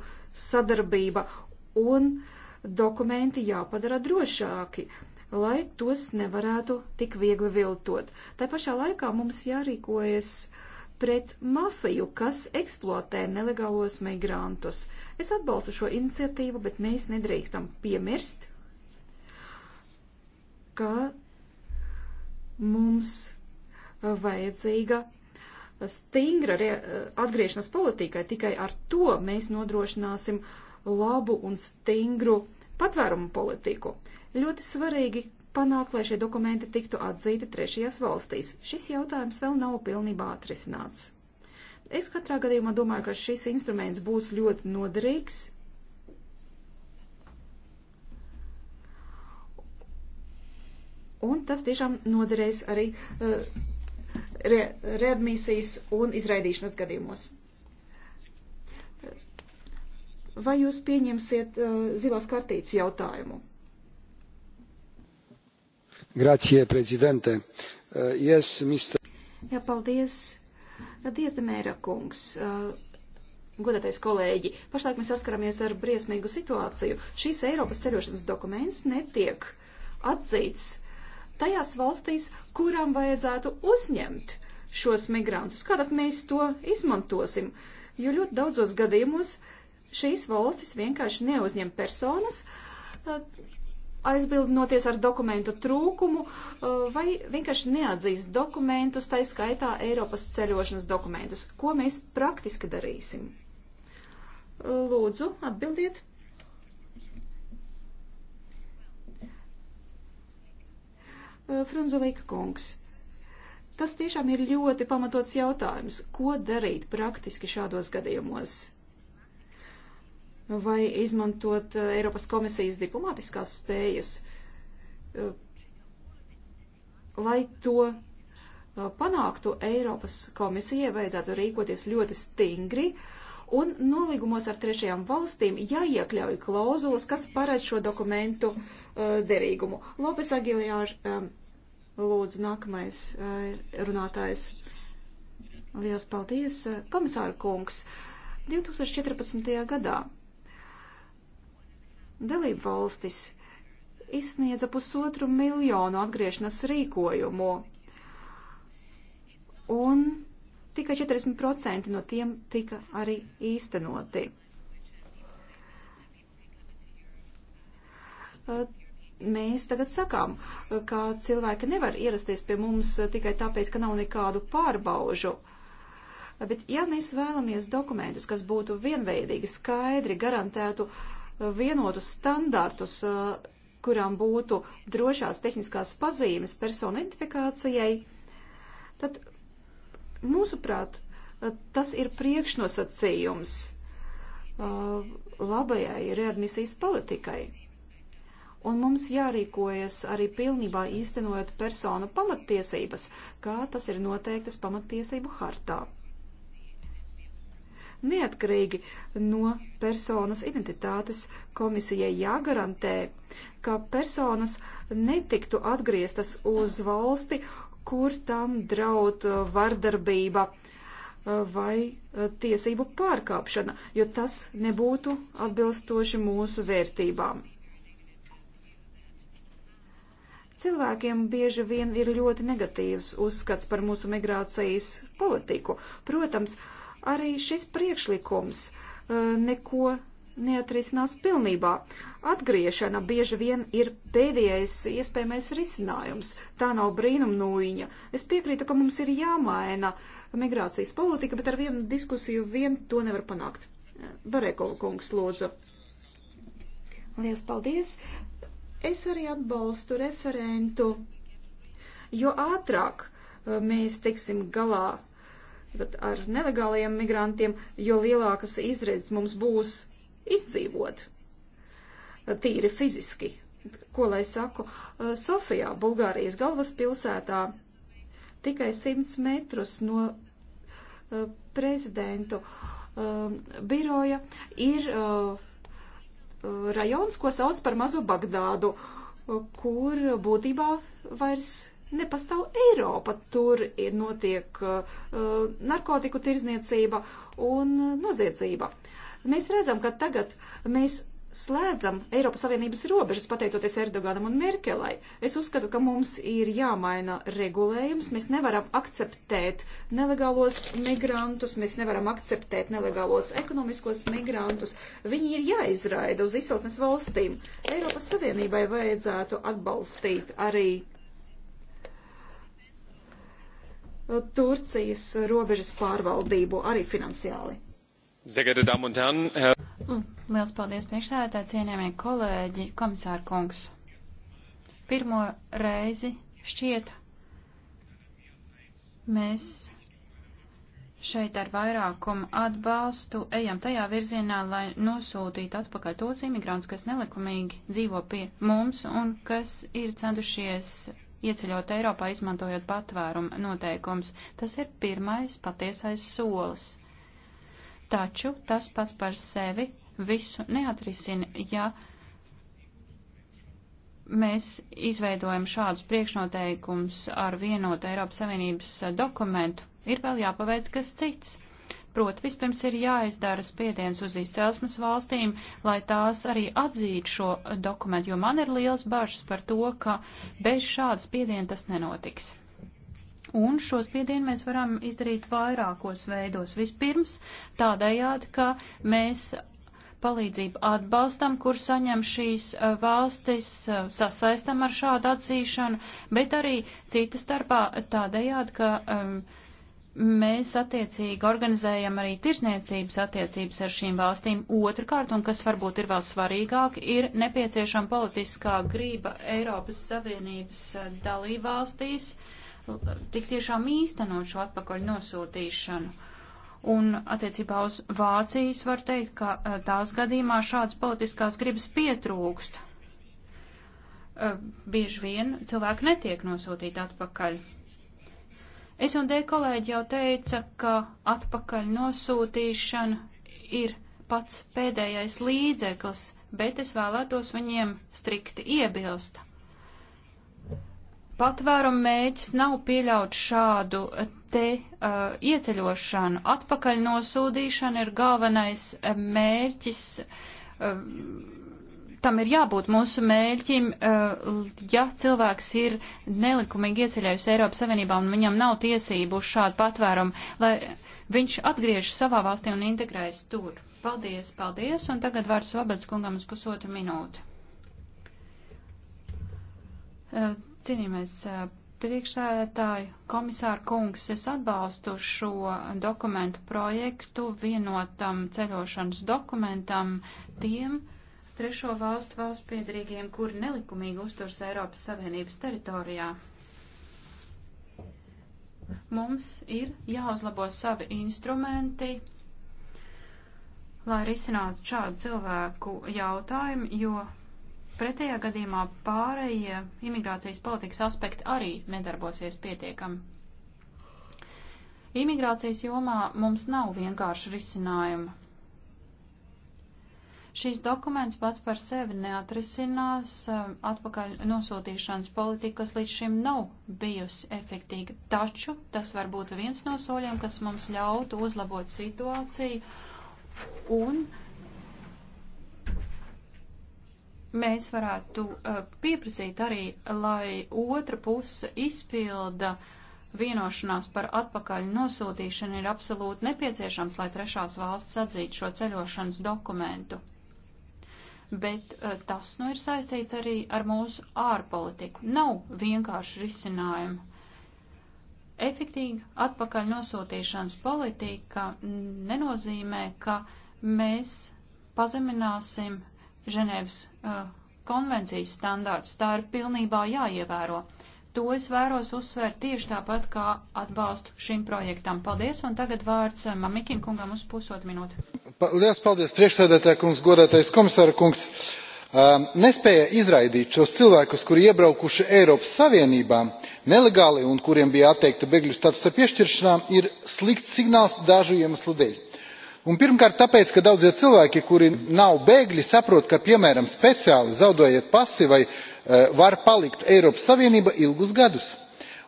sadarbība un dokumenti jāpadara drošāki lai tos nevarētu tik viegli viltot. Tā pašā laikā mums jārīkojas pret mafiju, kas eksploatē nelegālos migrantus. Es atbalstu šo iniciatīvu, bet mēs nedrīkstam piemirst, ka mums vajadzīga stingra atgriešanās politikai. Tikai ar to mēs nodrošināsim labu un stingru patvērumu politiku. Ļoti svarīgi panākt, lai šie dokumenti tiktu atzīti trešajās valstīs. Šis jautājums vēl nav pilnībā atrisināts. Es katrā gadījumā domāju, ka šis instruments būs ļoti noderīgs. Un tas tiešām noderēs arī uh, re, readmisijas un izraidīšanas gadījumos. Vai jūs pieņemsiet uh, zilās kartītes jautājumu? Grazie, prezidente. Uh, eh, yes, mister... Jā, paldies. Paldies, Demēra kungs. Uh, Godātais kolēģi, pašlaik mēs saskaramies ar briesmīgu situāciju. Šīs Eiropas ceļošanas dokuments netiek atzīts tajās valstīs, kurām vajadzētu uzņemt šos migrantus. Kādā mēs to izmantosim? Jo ļoti daudzos gadījumos šīs valstis vienkārši neuzņem personas, eh, aizbildinoties ar dokumentu trūkumu uh, vai vienkārši neatzīst dokumentus, tai skaitā Eiropas ceļošanas dokumentus. Ko mēs praktiski darīsim? Uh, lūdzu, atbildiet. Uh, Frunzelīka kungs. Tas tiešām ir ļoti pamatots jautājums, ko darīt praktiski šādos gadījumos vai izmantot eh, Eiropas komisijas diplomātiskās spējas, eh, lai to eh, panāktu Eiropas komisijai, vajadzētu rīkoties ļoti stingri, un nolīgumos ar trešajām valstīm jāiekļauj klauzulas, kas paredz šo dokumentu uh, derīgumu. Lopes Agiljār, um, lūdzu, nākamais uh, runātājs. Lielas paldies, komisāra kungs. 2014. gadā Dalību valstis izsniedza pusotru miljonu atgriešanas rīkojumu, un tikai 40% no tiem tika arī īstenoti. Mēs tagad sakām, ka cilvēki nevar ierasties pie mums tikai tāpēc, ka nav nekādu pārbaužu. Bet ja mēs vēlamies dokumentus, kas būtu vienveidīgi, skaidri, garantētu uh, vienotus standartus, eh, kurām būtu drošās tehniskās pazīmes personu identifikācijai, tad, mūsuprāt, eh, tas ir priekšnosacījums eh, labajai readmisijas politikai. Un mums jārīkojas arī pilnībā īstenojot personu pamatiesības, kā tas ir noteiktas pamatiesību hartā neatkarīgi no personas identitātes komisijai jāgarantē, ka personas netiktu atgrieztas uz valsti, kur tam draud uh, vardarbība uh, vai uh, tiesību pārkāpšana, jo tas nebūtu atbilstoši mūsu vērtībām. Cilvēkiem bieži vien ir ļoti negatīvs uzskats par mūsu migrācijas politiku. Protams, uh, Arī šis priekšlikums uh, neko neatrisinās pilnībā. Atgriešana bieži vien ir pēdējais iespējamais risinājums. Tā nav brīnumnūjiņa. Es piekrītu, ka mums ir jāmaina migrācijas politika, bet ar vienu diskusiju vien to nevar panākt. Barekola kungs, lūdzu. Lielas paldies! Es arī atbalstu referentu, jo ātrāk uh, mēs tiksim galā ar nelegāliem migrantiem, jo lielākas izredzes mums būs izdzīvot eh, tīri fiziski. Ko lai saku? Eh, Sofijā, Bulgārijas galvaspilsētā, tikai 100 metrus no eh, prezidentu biroja ir rajons, ko sauc par mazo Bagdādu, kur būtībā vairs nepastāv Eiropa. Tur notiek uh, narkotiku tirzniecība un uh, noziedzība. Mēs redzam, ka tagad mēs slēdzam Eiropas Savienības robežas pateicoties Erdoganam un Merkelai. Es uzskatu, ka mums ir jāmaina regulējums. Mēs nevaram akceptēt nelegālos migrantus, mēs nevaram akceptēt nelegālos ekonomiskos migrantus. Viņi ir jāizraida uz izceltnes valstīm. Eiropas Savienībai vajadzētu atbalstīt arī Turcijas robežas pārvaldību arī finansiāli. Liels paldies priekšsēdētāji, cienījamie kolēģi, komisāra kungs. Pirmo reizi šķiet mēs šeit ar vairākumu atbalstu ejam tajā virzienā, lai nosūtītu atpakaļ tos imigrantus, kas nelikumīgi dzīvo pie mums un kas ir centušies ieceļot Eiropā, izmantojot patvērumu noteikums. Tas ir pirmais patiesais solis. Taču tas pats par sevi visu neatrisina, ja mēs izveidojam šādus priekšnoteikumus ar vienotu Eiropas Savienības dokumentu. Ir vēl jāpaveic kas cits. Proti, vispirms ir jāizdara spiediens uz izcelsmes valstīm, lai tās arī atzītu šo dokumentu, jo man ir liels bažas par to, ka bez šāda spiediena tas nenotiks. Un šo spiedienu mēs varam izdarīt vairākos veidos. Vispirms tādējādi, ka mēs palīdzību atbalstam, kur saņem šīs valstis, sasaistam ar šādu atzīšanu, bet arī cita starpā tādējādi, ka um, mēs attiecīgi organizējam arī tirsniecības attiecības ar šīm valstīm. Otrakārt, un kas varbūt ir vēl svarīgāk, ir nepieciešama politiskā grība Eiropas Savienības eh, dalībvalstīs tik tiešām īstenot šo atpakaļ nosūtīšanu. Un attiecībā uz Vācijas var teikt, ka eh, tās gadījumā šādas politiskās gribas pietrūkst. Eh, bieži vien cilvēki netiek nosūtīti atpakaļ. Es un D kolēģi jau teica, ka atpakaļ nosūtīšana ir pats pēdējais līdzeklis, bet es vēlētos viņiem strikti iebilst. Patvērumu mēģis nav pieļaut šādu te uh, ieceļošanu. Atpakaļ nosūdīšana ir galvenais uh, mērķis. Uh, tam ir jābūt mūsu mērķim, eh, ja cilvēks ir nelikumīgi ieceļējis Eiropas Savienībā un viņam nav tiesību uz šādu patvērumu, lai viņš atgriežas savā valstī un integrējas tur. Paldies, paldies, un tagad vārds Vabats kungam uz pusotru minūti. Eh, Cienījamais eh, priekšsēdētāju komisāra kungs, es atbalstu šo dokumentu projektu vienotam ceļošanas dokumentam tiem, uh, trešo valstu valsts piedarīgiem, kuri nelikumīgi uzturs Eiropas Savienības teritorijā. Mums ir jāuzlabo savi instrumenti, lai risinātu šādu cilvēku jautājumu, jo pretējā gadījumā pārējie imigrācijas politikas aspekti arī nedarbosies pietiekami. Imigrācijas jomā mums nav vienkārši risinājuma. Šis dokuments pats par sevi neatrisinās um, atpakaļ nosūtīšanas politiku, kas līdz šim nav bijusi efektīga. Taču tas var būt viens no soļiem, kas mums ļautu uzlabot situāciju un mēs varētu uh, pieprasīt arī, lai otra puse izpilda vienošanās par atpakaļ nosūtīšanu ir absolūti nepieciešams, lai trešās valsts atzītu šo ceļošanas dokumentu bet e, tas nu ir saistīts arī ar mūsu ārpolitiku. Nav vienkārši risinājumu. Efektīga atpakaļ nosūtīšanas politika nenozīmē, ka mēs pazemināsim Ženēvas uh, e, konvencijas standārtus. Tā ir pilnībā jāievēro. To es vēros uzsvērt tieši tāpat, kā atbalstu šim projektam. Paldies, un tagad vārds e, Mamikin kungam uz pusotru minūti liels paldies priekšsēdētāja kungs godātais komisāra kungs! nespēja izraidīt šos cilvēkus kuri iebraukuši eiropas savienībā nelegāli un kuriem bija atteikta bēgļu statusa piešķiršana ir slikts signāls dažu iemeslu dēļ. pirmkārt tāpēc ka daudzie cilvēki kuri nav bēgļi saprot ka piemēram speciāli zaudējot pasi var palikt eiropas savienībā ilgus gadus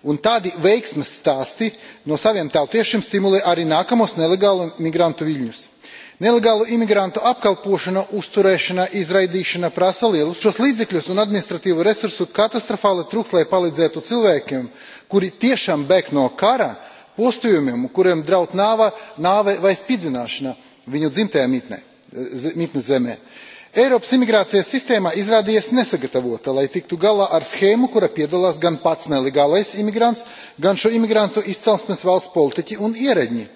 un tādi veiksmes stāsti no saviem tautiešiem stimulē arī nākamos nelegālo migrantu viļņus nelegālu imigrantu apkalpošana uzturēšana izraidīšana prasa lielus finansiālus līdzekļus un administratīvo resursu katastrofāli trūkst lai palīdzētu cilvēkiem kuri tiešām bēg no kara postījumiem kuriem draud nāve vai spīdzināšana viņu dzimtajā mītnes zemē. eiropas imigrācijas sistēma izrādījies nesagatavota lai tiktu galā ar schēmu kurā piedalās gan pats nelegālais imigrants gan šo imigrantu izcelsmes valsts politiķi un ierēdņi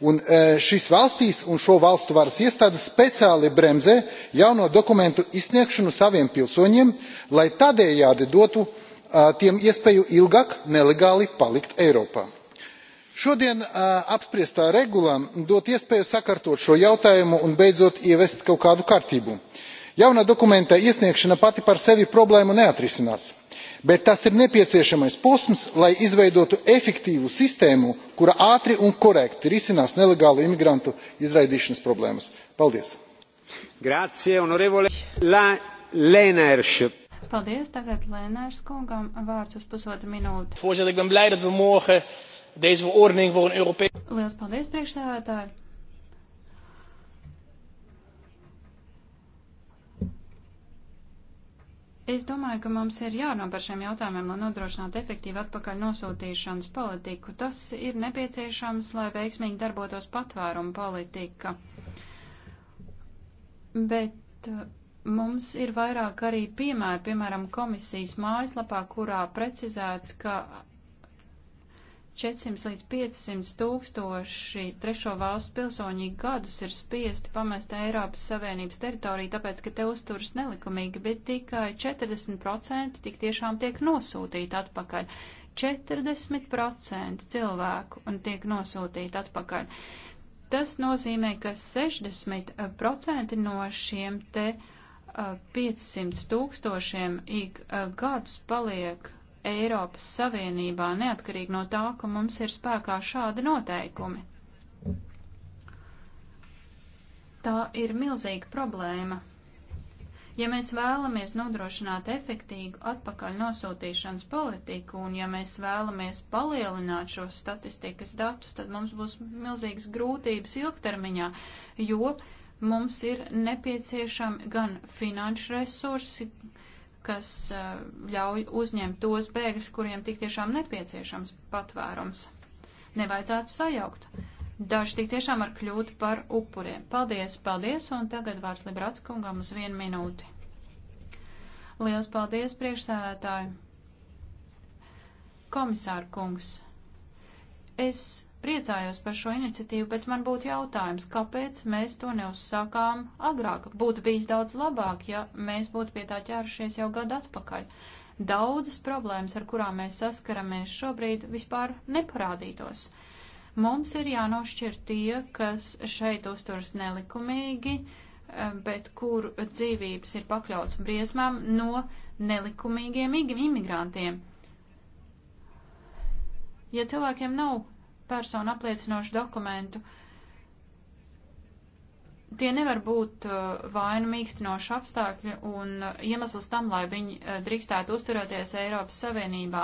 un e, šīs valstis un šo valstu varas iestādes speciāli bremzē jauno dokumentu izsniegšanu saviem pilsoņiem lai tādējādi dotu e, tiem iespēju ilgāk nelegāli palikt eiropā. šodien e, apspriestā regula dod iespēju sakārtot šo jautājumu un beidzot ievest kaut kādu kārtību. jauna dokumenta iesniegšana pati par sevi problēmu neatrisinās bet tas ir nepieciešamais posms lai izveidotu efektīvu sistēmu kura ātri un korekti risinās nelegālo imigrantu izraidīšanas problēmas. paldies! Paldies, tagad Lēnērs kungam vārds uz pusotru minūti. Voorzitter, ik ben blij dat we morgen deze verordening voor een Europese. Liels paldies, priekšstādātāji! Es domāju, ka mums ir jārunā par šiem jautājumiem, lai nodrošinātu efektīvu atpakaļ nosūtīšanas politiku. Tas ir nepieciešams, lai veiksmīgi darbotos patvērumu politika. Bet uh, mums ir vairāk arī piemēri, piemēram, komisijas mājaslapā, kurā precizēts, ka 400 līdz 500 tūkstoši trešo valstu pilsoņi gadus ir spiesti pamest Eiropas Savienības teritoriju, tāpēc, ka te uzturas nelikumīgi, bet tikai 40% tik tiešām tiek nosūtīti atpakaļ. 40% cilvēku un tiek nosūtīti atpakaļ. Tas nozīmē, ka 60% no šiem te 500 uh, tūkstošiem ik uh, gadus paliek Eiropas Savienībā, neatkarīgi no tā, ka mums ir spēkā šādi noteikumi. Tā ir milzīga problēma. Ja mēs vēlamies nodrošināt efektīgu atpakaļ nosūtīšanas politiku un ja mēs vēlamies palielināt šos statistikas datus, tad mums būs milzīgas grūtības ilgtermiņā, jo mums ir nepieciešami gan finanšu resursi, uh, kas eh, ļauj uzņemt tos bēgļus, kuriem tik tiešām nepieciešams patvērums. Nevajadzētu sajaukt. Daži tik tiešām var kļūt par upuriem. Paldies, paldies, un tagad vārds Libratskungam uz vienu minūti. Liels paldies, priekšsēdētāji! Komisāra kungs, es Priecājos par šo iniciatīvu, bet man būtu jautājums, kāpēc mēs to neuzsākām agrāk? Būtu bijis daudz labāk, ja mēs būtu pie tā ķērušies jau gadu atpakaļ. Daudzas problēmas, ar kurām mēs saskaramies šobrīd, vispār neparādītos. Mums ir jānošķir tie, kas šeit uzturas nelikumīgi, eh, bet kur dzīvības ir pakļauts briesmām no nelikumīgiem imigrantiem. Ja cilvēkiem nav personu apliecinošu dokumentu. Tie nevar būt uh, vainu mīkstinoši apstākļi un uh, iemesls tam, lai viņi uh, drīkstētu uzturēties Eiropas Savienībā.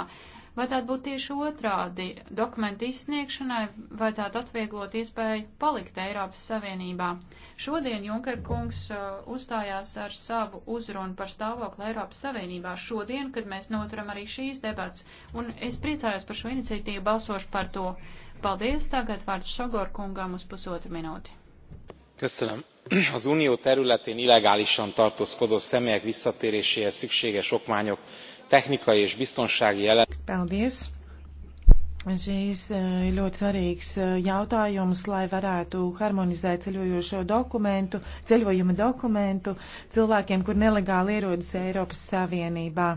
Vajadzētu būt tieši otrādi. Dokumentu izsniegšanai vajadzētu atvieglot iespēju palikt Eiropas Savienībā. Šodien Junker kungs uzstājās ar savu uzrunu par stāvokli Eiropas Savienībā. Šodien, kad mēs noturam arī šīs debats, un es priecājos par šo iniciatīvu, balsošu par to. Uh, Paldies, tagad vārds Šogor kungam uz pusotru minūti. Köszönöm. <clears throat> Az unió területén illegálisan tartózkodó személyek visszatéréséhez szükséges okmányok tehnikai és biztonsági jelen. Paldies. Šīs eh, ļoti svarīgs eh, jautājums, lai varētu harmonizēt ceļojošo dokumentu, ceļojuma dokumentu cilvēkiem, kur nelegāli ierodas Eiropas Savienībā,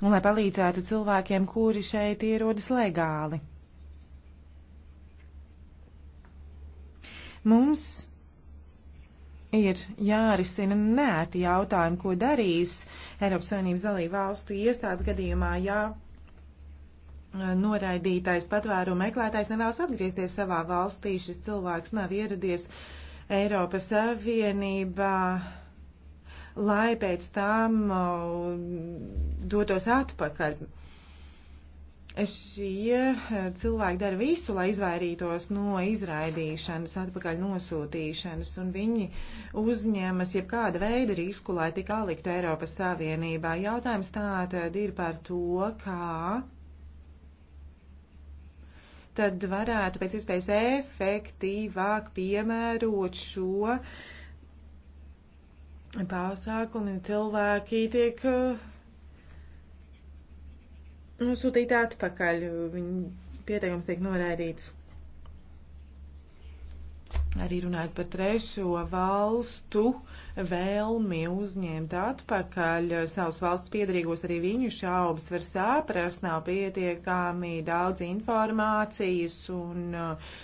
un lai palīdzētu cilvēkiem, kuri šeit ierodas legāli. Mums ir jārisina nērti jautājumi, ko darīs Eiropas Savienības dalību valstu iestādes gadījumā, ja e, noraidītais patvērumu meklētājs nevēlas atgriezties savā valstī, šis cilvēks nav ieradies Eiropas Savienībā lai pēc tam dotos atpakaļ šie eh, cilvēki dara visu, lai izvairītos no izraidīšanas, atpakaļ nosūtīšanas, un viņi uzņemas jebkāda veida risku, lai tik alikt Eiropas Savienībā. Jautājums tātad ir par to, kā tad varētu pēc iespējas efektīvāk piemērot šo pasākumu, cilvēki tiek. Uh, nosūtīta atpakaļ. Viņa pieteikums tiek noraidīts. Arī runājot par trešo valstu vēlmi uzņemt atpakaļ savus valsts piedarīgos, arī viņu šaubas var saprast, nav pietiekami daudz informācijas un uh,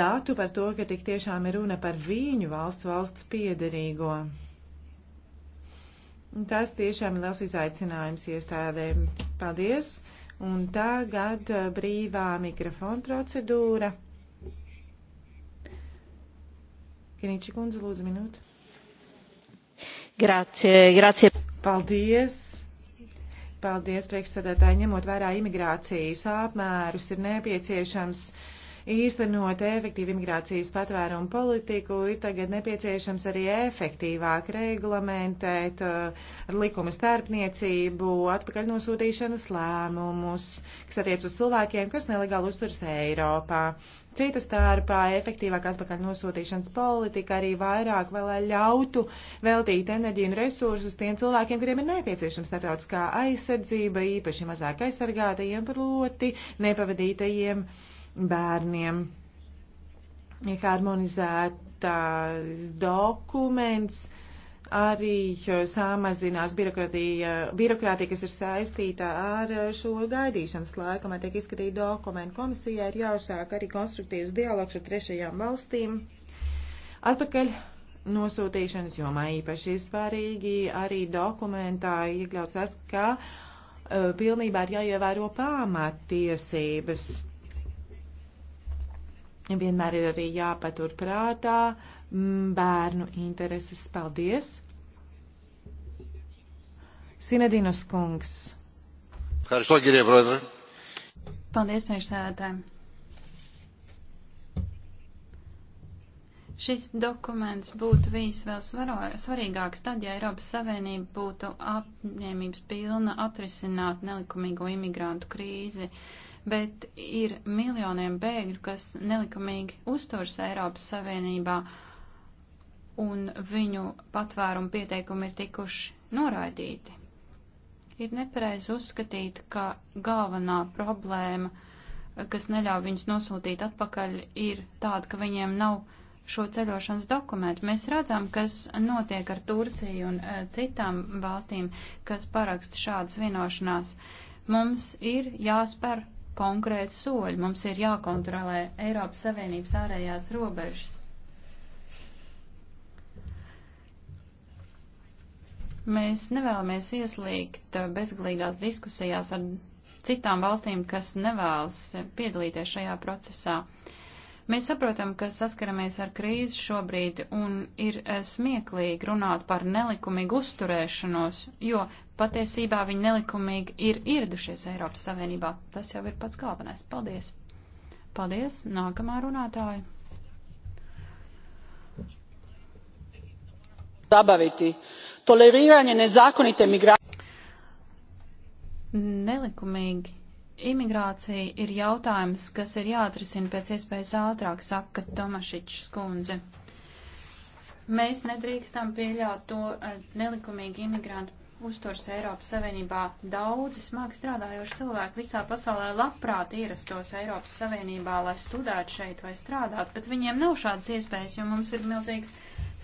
datu par to, ka tik tiešām ir runa par viņu valsts valsts piedarīgo. Tas tiešām ir liels izaicinājums iestādēm. Paldies! Un tagad eh, brīvā mikrofona procedūra. Kenīči kundze, lūdzu minūtu. Grācie, grācie. Paldies! Paldies, priekšsēdētāji, ņemot vērā imigrācijas apmērus, ir nepieciešams uh, īstenot efektīvu imigrācijas patvērumu politiku, ir tagad nepieciešams arī efektīvāk reglamentēt ar uh, likuma starpniecību, atpakaļnosūtīšanas lēmumus, kas attiec uz cilvēkiem, kas nelegāli uzturas Eiropā. Cita starpā efektīvāk atpakaļ nosūtīšanas politika arī vairāk vēl ļautu veltīt enerģiju un resursus tiem cilvēkiem, kuriem ir nepieciešama starptautiskā aizsardzība, īpaši mazāk aizsargātajiem, proti nepavadītajiem bērniem. Ir harmonizētās dokuments, arī samazinās birokrātija, birokrātija, kas ir saistīta ar šo gaidīšanas laiku, man tiek izskatīta dokumenta komisijā, ir jāuzsāk arī konstruktīvs dialogs ar trešajām valstīm. Atpakaļ nosūtīšanas jomā īpaši svarīgi arī dokumentā iekļauts tas, ka uh, pilnībā ir jāievēro pamatiesības vienmēr ir arī jāpatur prātā mm, bērnu intereses. Paldies! Sinedīnos kungs. Ευχαριστώ κύριε Πρόεδρε. Paldies, priekšsēdētāji. Šis dokuments būtu bijis vēl svaro, svarīgāks tad, ja Eiropas Savienība būtu apņēmības pilna atrisināt nelikumīgo imigrantu krīzi. Uh, bet ir miljoniem bēgļu, kas nelikumīgi uzturs Eiropas Savienībā, un viņu patvērumu pieteikumi ir tikuši noraidīti. Ir nepareizi uzskatīt, ka galvenā problēma, kas neļauj viņus nosūtīt atpakaļ, ir tāda, ka viņiem nav šo ceļošanas dokumentu. Mēs redzam, kas notiek ar Turciju un uh, citām valstīm, kas paraksta šādas vienošanās. Mums ir jāspēr konkrēti soļi. Mums ir jākontrolē Eiropas Savienības ārējās robežas. Mēs nevēlamies ieslīgt bezgalīgās diskusijās ar citām valstīm, kas nevēlas piedalīties šajā procesā. Uh, Mēs saprotam, ka saskaramies ar krīzi šobrīd un ir e, smieklīgi runāt par nelikumīgu uzturēšanos, jo patiesībā viņi nelikumīgi ir ieradušies Eiropas Savienībā. Tas jau ir pats galvenais. Paldies! Paldies! Nākamā runātāja! zabaviti. Toleriranje nezakonite migracije. Nelikumīgi Imigrācija ir jautājums, kas ir jāatrisina pēc iespējas ātrāk, saka Tomašičs kundze. Mēs nedrīkstam pieļaut to eh, nelikumīgi imigrantu uzturs Eiropas Savienībā. Daudzi smagi strādājoši cilvēki visā pasaulē labprāt ierastos Eiropas Savienībā, lai studētu šeit vai strādātu, bet viņiem nav šādas iespējas, jo mums ir milzīgs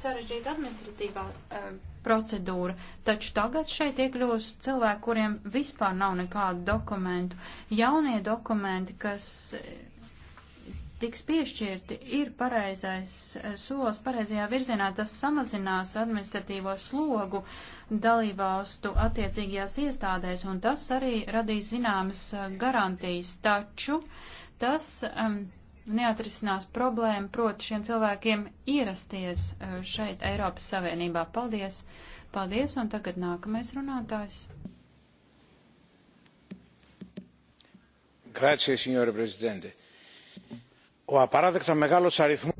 sarežģīta administratīvā uh, procedūra, taču tagad šeit iekļūst cilvēki, kuriem vispār nav nekādu dokumentu. Jaunie dokumenti, kas eh, tiks piešķirti, ir pareizais eh, solis pareizajā virzienā. Tas samazinās administratīvo slogu dalībvalstu attiecīgajās iestādēs, un tas arī radīs zināmas garantijas. Taču tas um, neatrisinās problēmu, proti šiem cilvēkiem ierasties e, šeit Eiropas Savienībā. Paldies! Paldies, un tagad nākamais runātājs. Grazie, signora prezidente. O aparādekta megalos arithmu.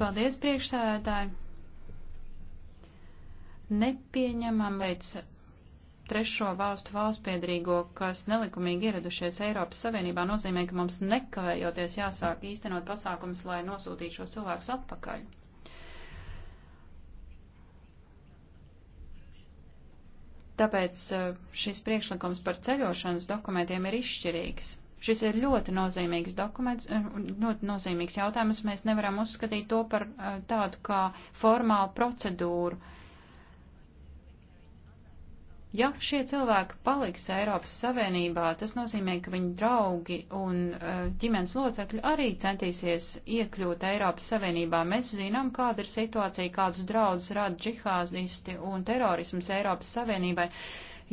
Paldies, priekšsēdētāji. Nepieņemam līdz trešo valstu valstspiedrīgo, kas nelikumīgi ieradušies Eiropas Savienībā, nozīmē, ka mums nekavējoties jāsāk īstenot pasākums, lai nosūtītu šos cilvēkus atpakaļ. Tāpēc eh, šis priekšlikums par ceļošanas dokumentiem ir izšķirīgs. Šis ir ļoti nozīmīgs dokuments, eh, ļoti nozīmīgs jautājums. Mēs nevaram uzskatīt to par eh, tādu kā formālu procedūru. Uh, Ja šie cilvēki paliks Eiropas Savienībā, tas nozīmē, ka viņu draugi un eh, ģimenes locekļi arī centīsies iekļūt Eiropas Savienībā. Mēs zinām, kāda ir situācija, kādus draudus rada džihādisti un terorisms Eiropas Savienībai,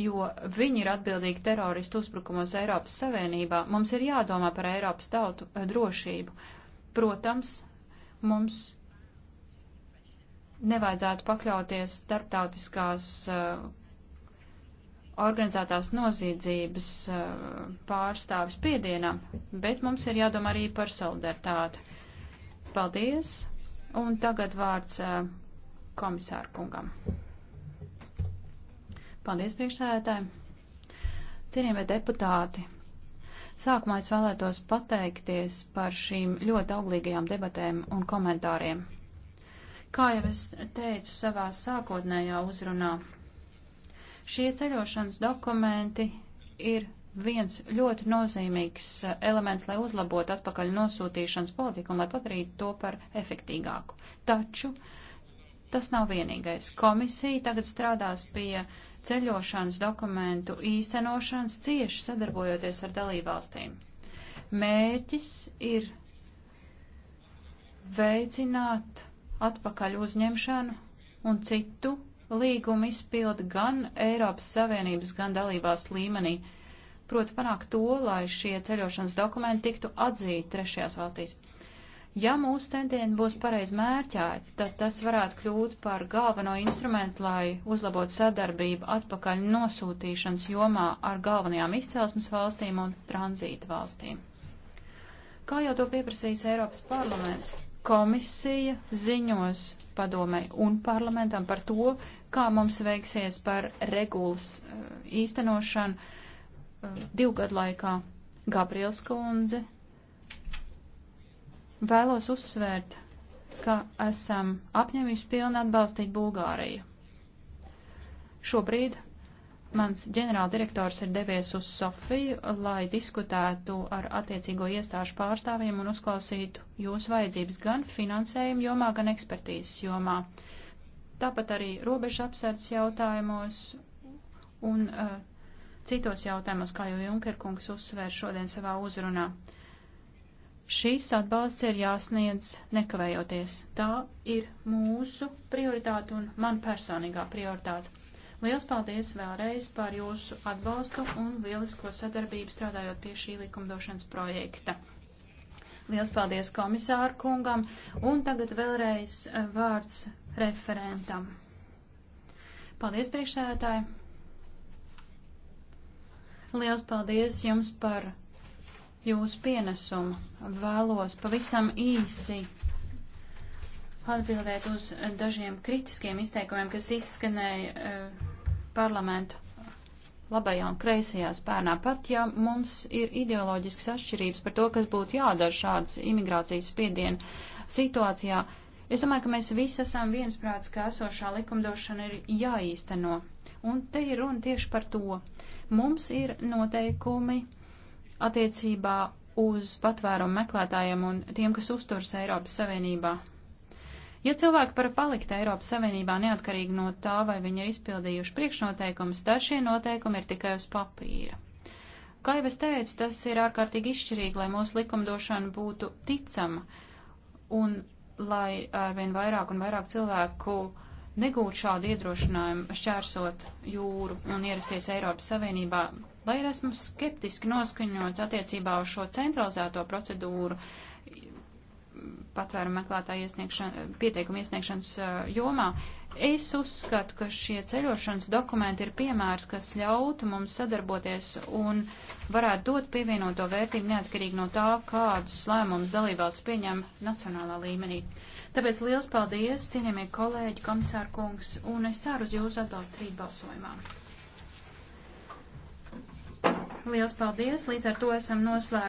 jo viņi ir atbildīgi teroristu uzbrukumos Eiropas Savienībā. Mums ir jādomā par Eiropas tautu eh, drošību. Protams, mums nevajadzētu pakļauties starptautiskās uh, organizētās noziedzības eh, pārstāvis piedienam, bet mums ir jādomā arī par solidaritāti. Paldies! Un tagad vārds eh, komisāru kungam. Paldies, priekšsēdētāji! Cienījamie deputāti! Sākumā es vēlētos pateikties par šīm ļoti auglīgajām debatēm un komentāriem. Kā jau es teicu savā sākotnējā uzrunā, Šie ceļošanas dokumenti ir viens ļoti nozīmīgs eh, elements, lai uzlabotu atpakaļ nosūtīšanas politiku un lai padarītu to par efektīgāku. Taču tas nav vienīgais. Komisija tagad strādās pie ceļošanas dokumentu īstenošanas cieši sadarbojoties ar dalībvalstīm. Mērķis ir veicināt atpakaļ uzņemšanu un citu līguma izpildi gan Eiropas Savienības, gan dalībās līmenī. Proti panākt to, lai šie ceļošanas dokumenti tiktu atzīti trešajās valstīs. Ja mūsu centieni būs pareizi mērķēti, tad tas varētu kļūt par galveno instrumentu, lai uzlabotu sadarbību atpakaļ nosūtīšanas jomā ar galvenajām izcelsmes valstīm un tranzīta valstīm. Kā jau to pieprasīs Eiropas parlaments, komisija ziņos padomei un parlamentam par to, kā mums veiksies par regulas eh, īstenošanu eh, divu gadu laikā. Gabriels Kundze, vēlos uzsvērt, ka esam apņēmības pilni atbalstīt Bulgāriju. Šobrīd mans ģenerāldirektors ir devies uz Sofiju, lai diskutētu ar attiecīgo iestāžu pārstāvjiem un uzklausītu jūsu vajadzības gan finansējuma jomā, gan ekspertīzes jomā. Uh, tāpat arī robeža apsardzes jautājumos un uh, citos jautājumos, kā jau Junkerkungs uzsvēr šodien savā uzrunā. Šīs atbalsts ir jāsniedz nekavējoties. Tā ir mūsu prioritāte un man personīgā prioritāte. Liels paldies vēlreiz par jūsu atbalstu un lielisko sadarbību strādājot pie šī likumdošanas projekta. Liels paldies komisāru kungam un tagad vēlreiz uh, vārds referentam. Paldies, priekšsēdētāji! Liels paldies jums par jūsu pienesumu. Vēlos pavisam īsi atbildēt uz dažiem kritiskiem izteikumiem, kas izskanēja eh, parlamentu labajā un kreisajā spērnā. Pat ja mums ir ideoloģiskas atšķirības par to, kas būtu jādara šādas imigrācijas spiediena situācijā, eh, Es domāju, ka mēs visi esam viensprāts, ka esošā likumdošana ir jāīsteno. Un te ir runa tieši par to. Mums ir noteikumi attiecībā uz patvērumu meklētājiem un tiem, kas uzturas Eiropas Savienībā. Ja cilvēki par palikt Eiropas Savienībā neatkarīgi no tā, vai viņi ir izpildījuši priekšnoteikumus, tad šie noteikumi ir tikai uz papīra. Kā jau es teicu, tas ir ārkārtīgi izšķirīgi, lai mūsu likumdošana būtu ticama un lai arvien vairāk un vairāk cilvēku negūtu šādu iedrošinājumu šķērsot jūru un ierasties Eiropas Savienībā. Lai arī esmu skeptiski noskaņots attiecībā uz šo centralizēto procedūru patvērumu meklētāju iesniegšana, pieteikumu iesniegšanas eh, jomā, Es uzskatu, ka šie ceļošanas dokumenti ir piemērs, kas ļautu mums sadarboties un varētu dot pievienoto vērtību neatkarīgi no tā, kādus lēmumus dalībvalsts pieņem nacionālā līmenī. Tāpēc liels paldies, cienījamie kolēģi, komisāra kungs, un es ceru uz jūsu atbalstu rīt balsojumā. Liels paldies, līdz ar to esam noslēguši.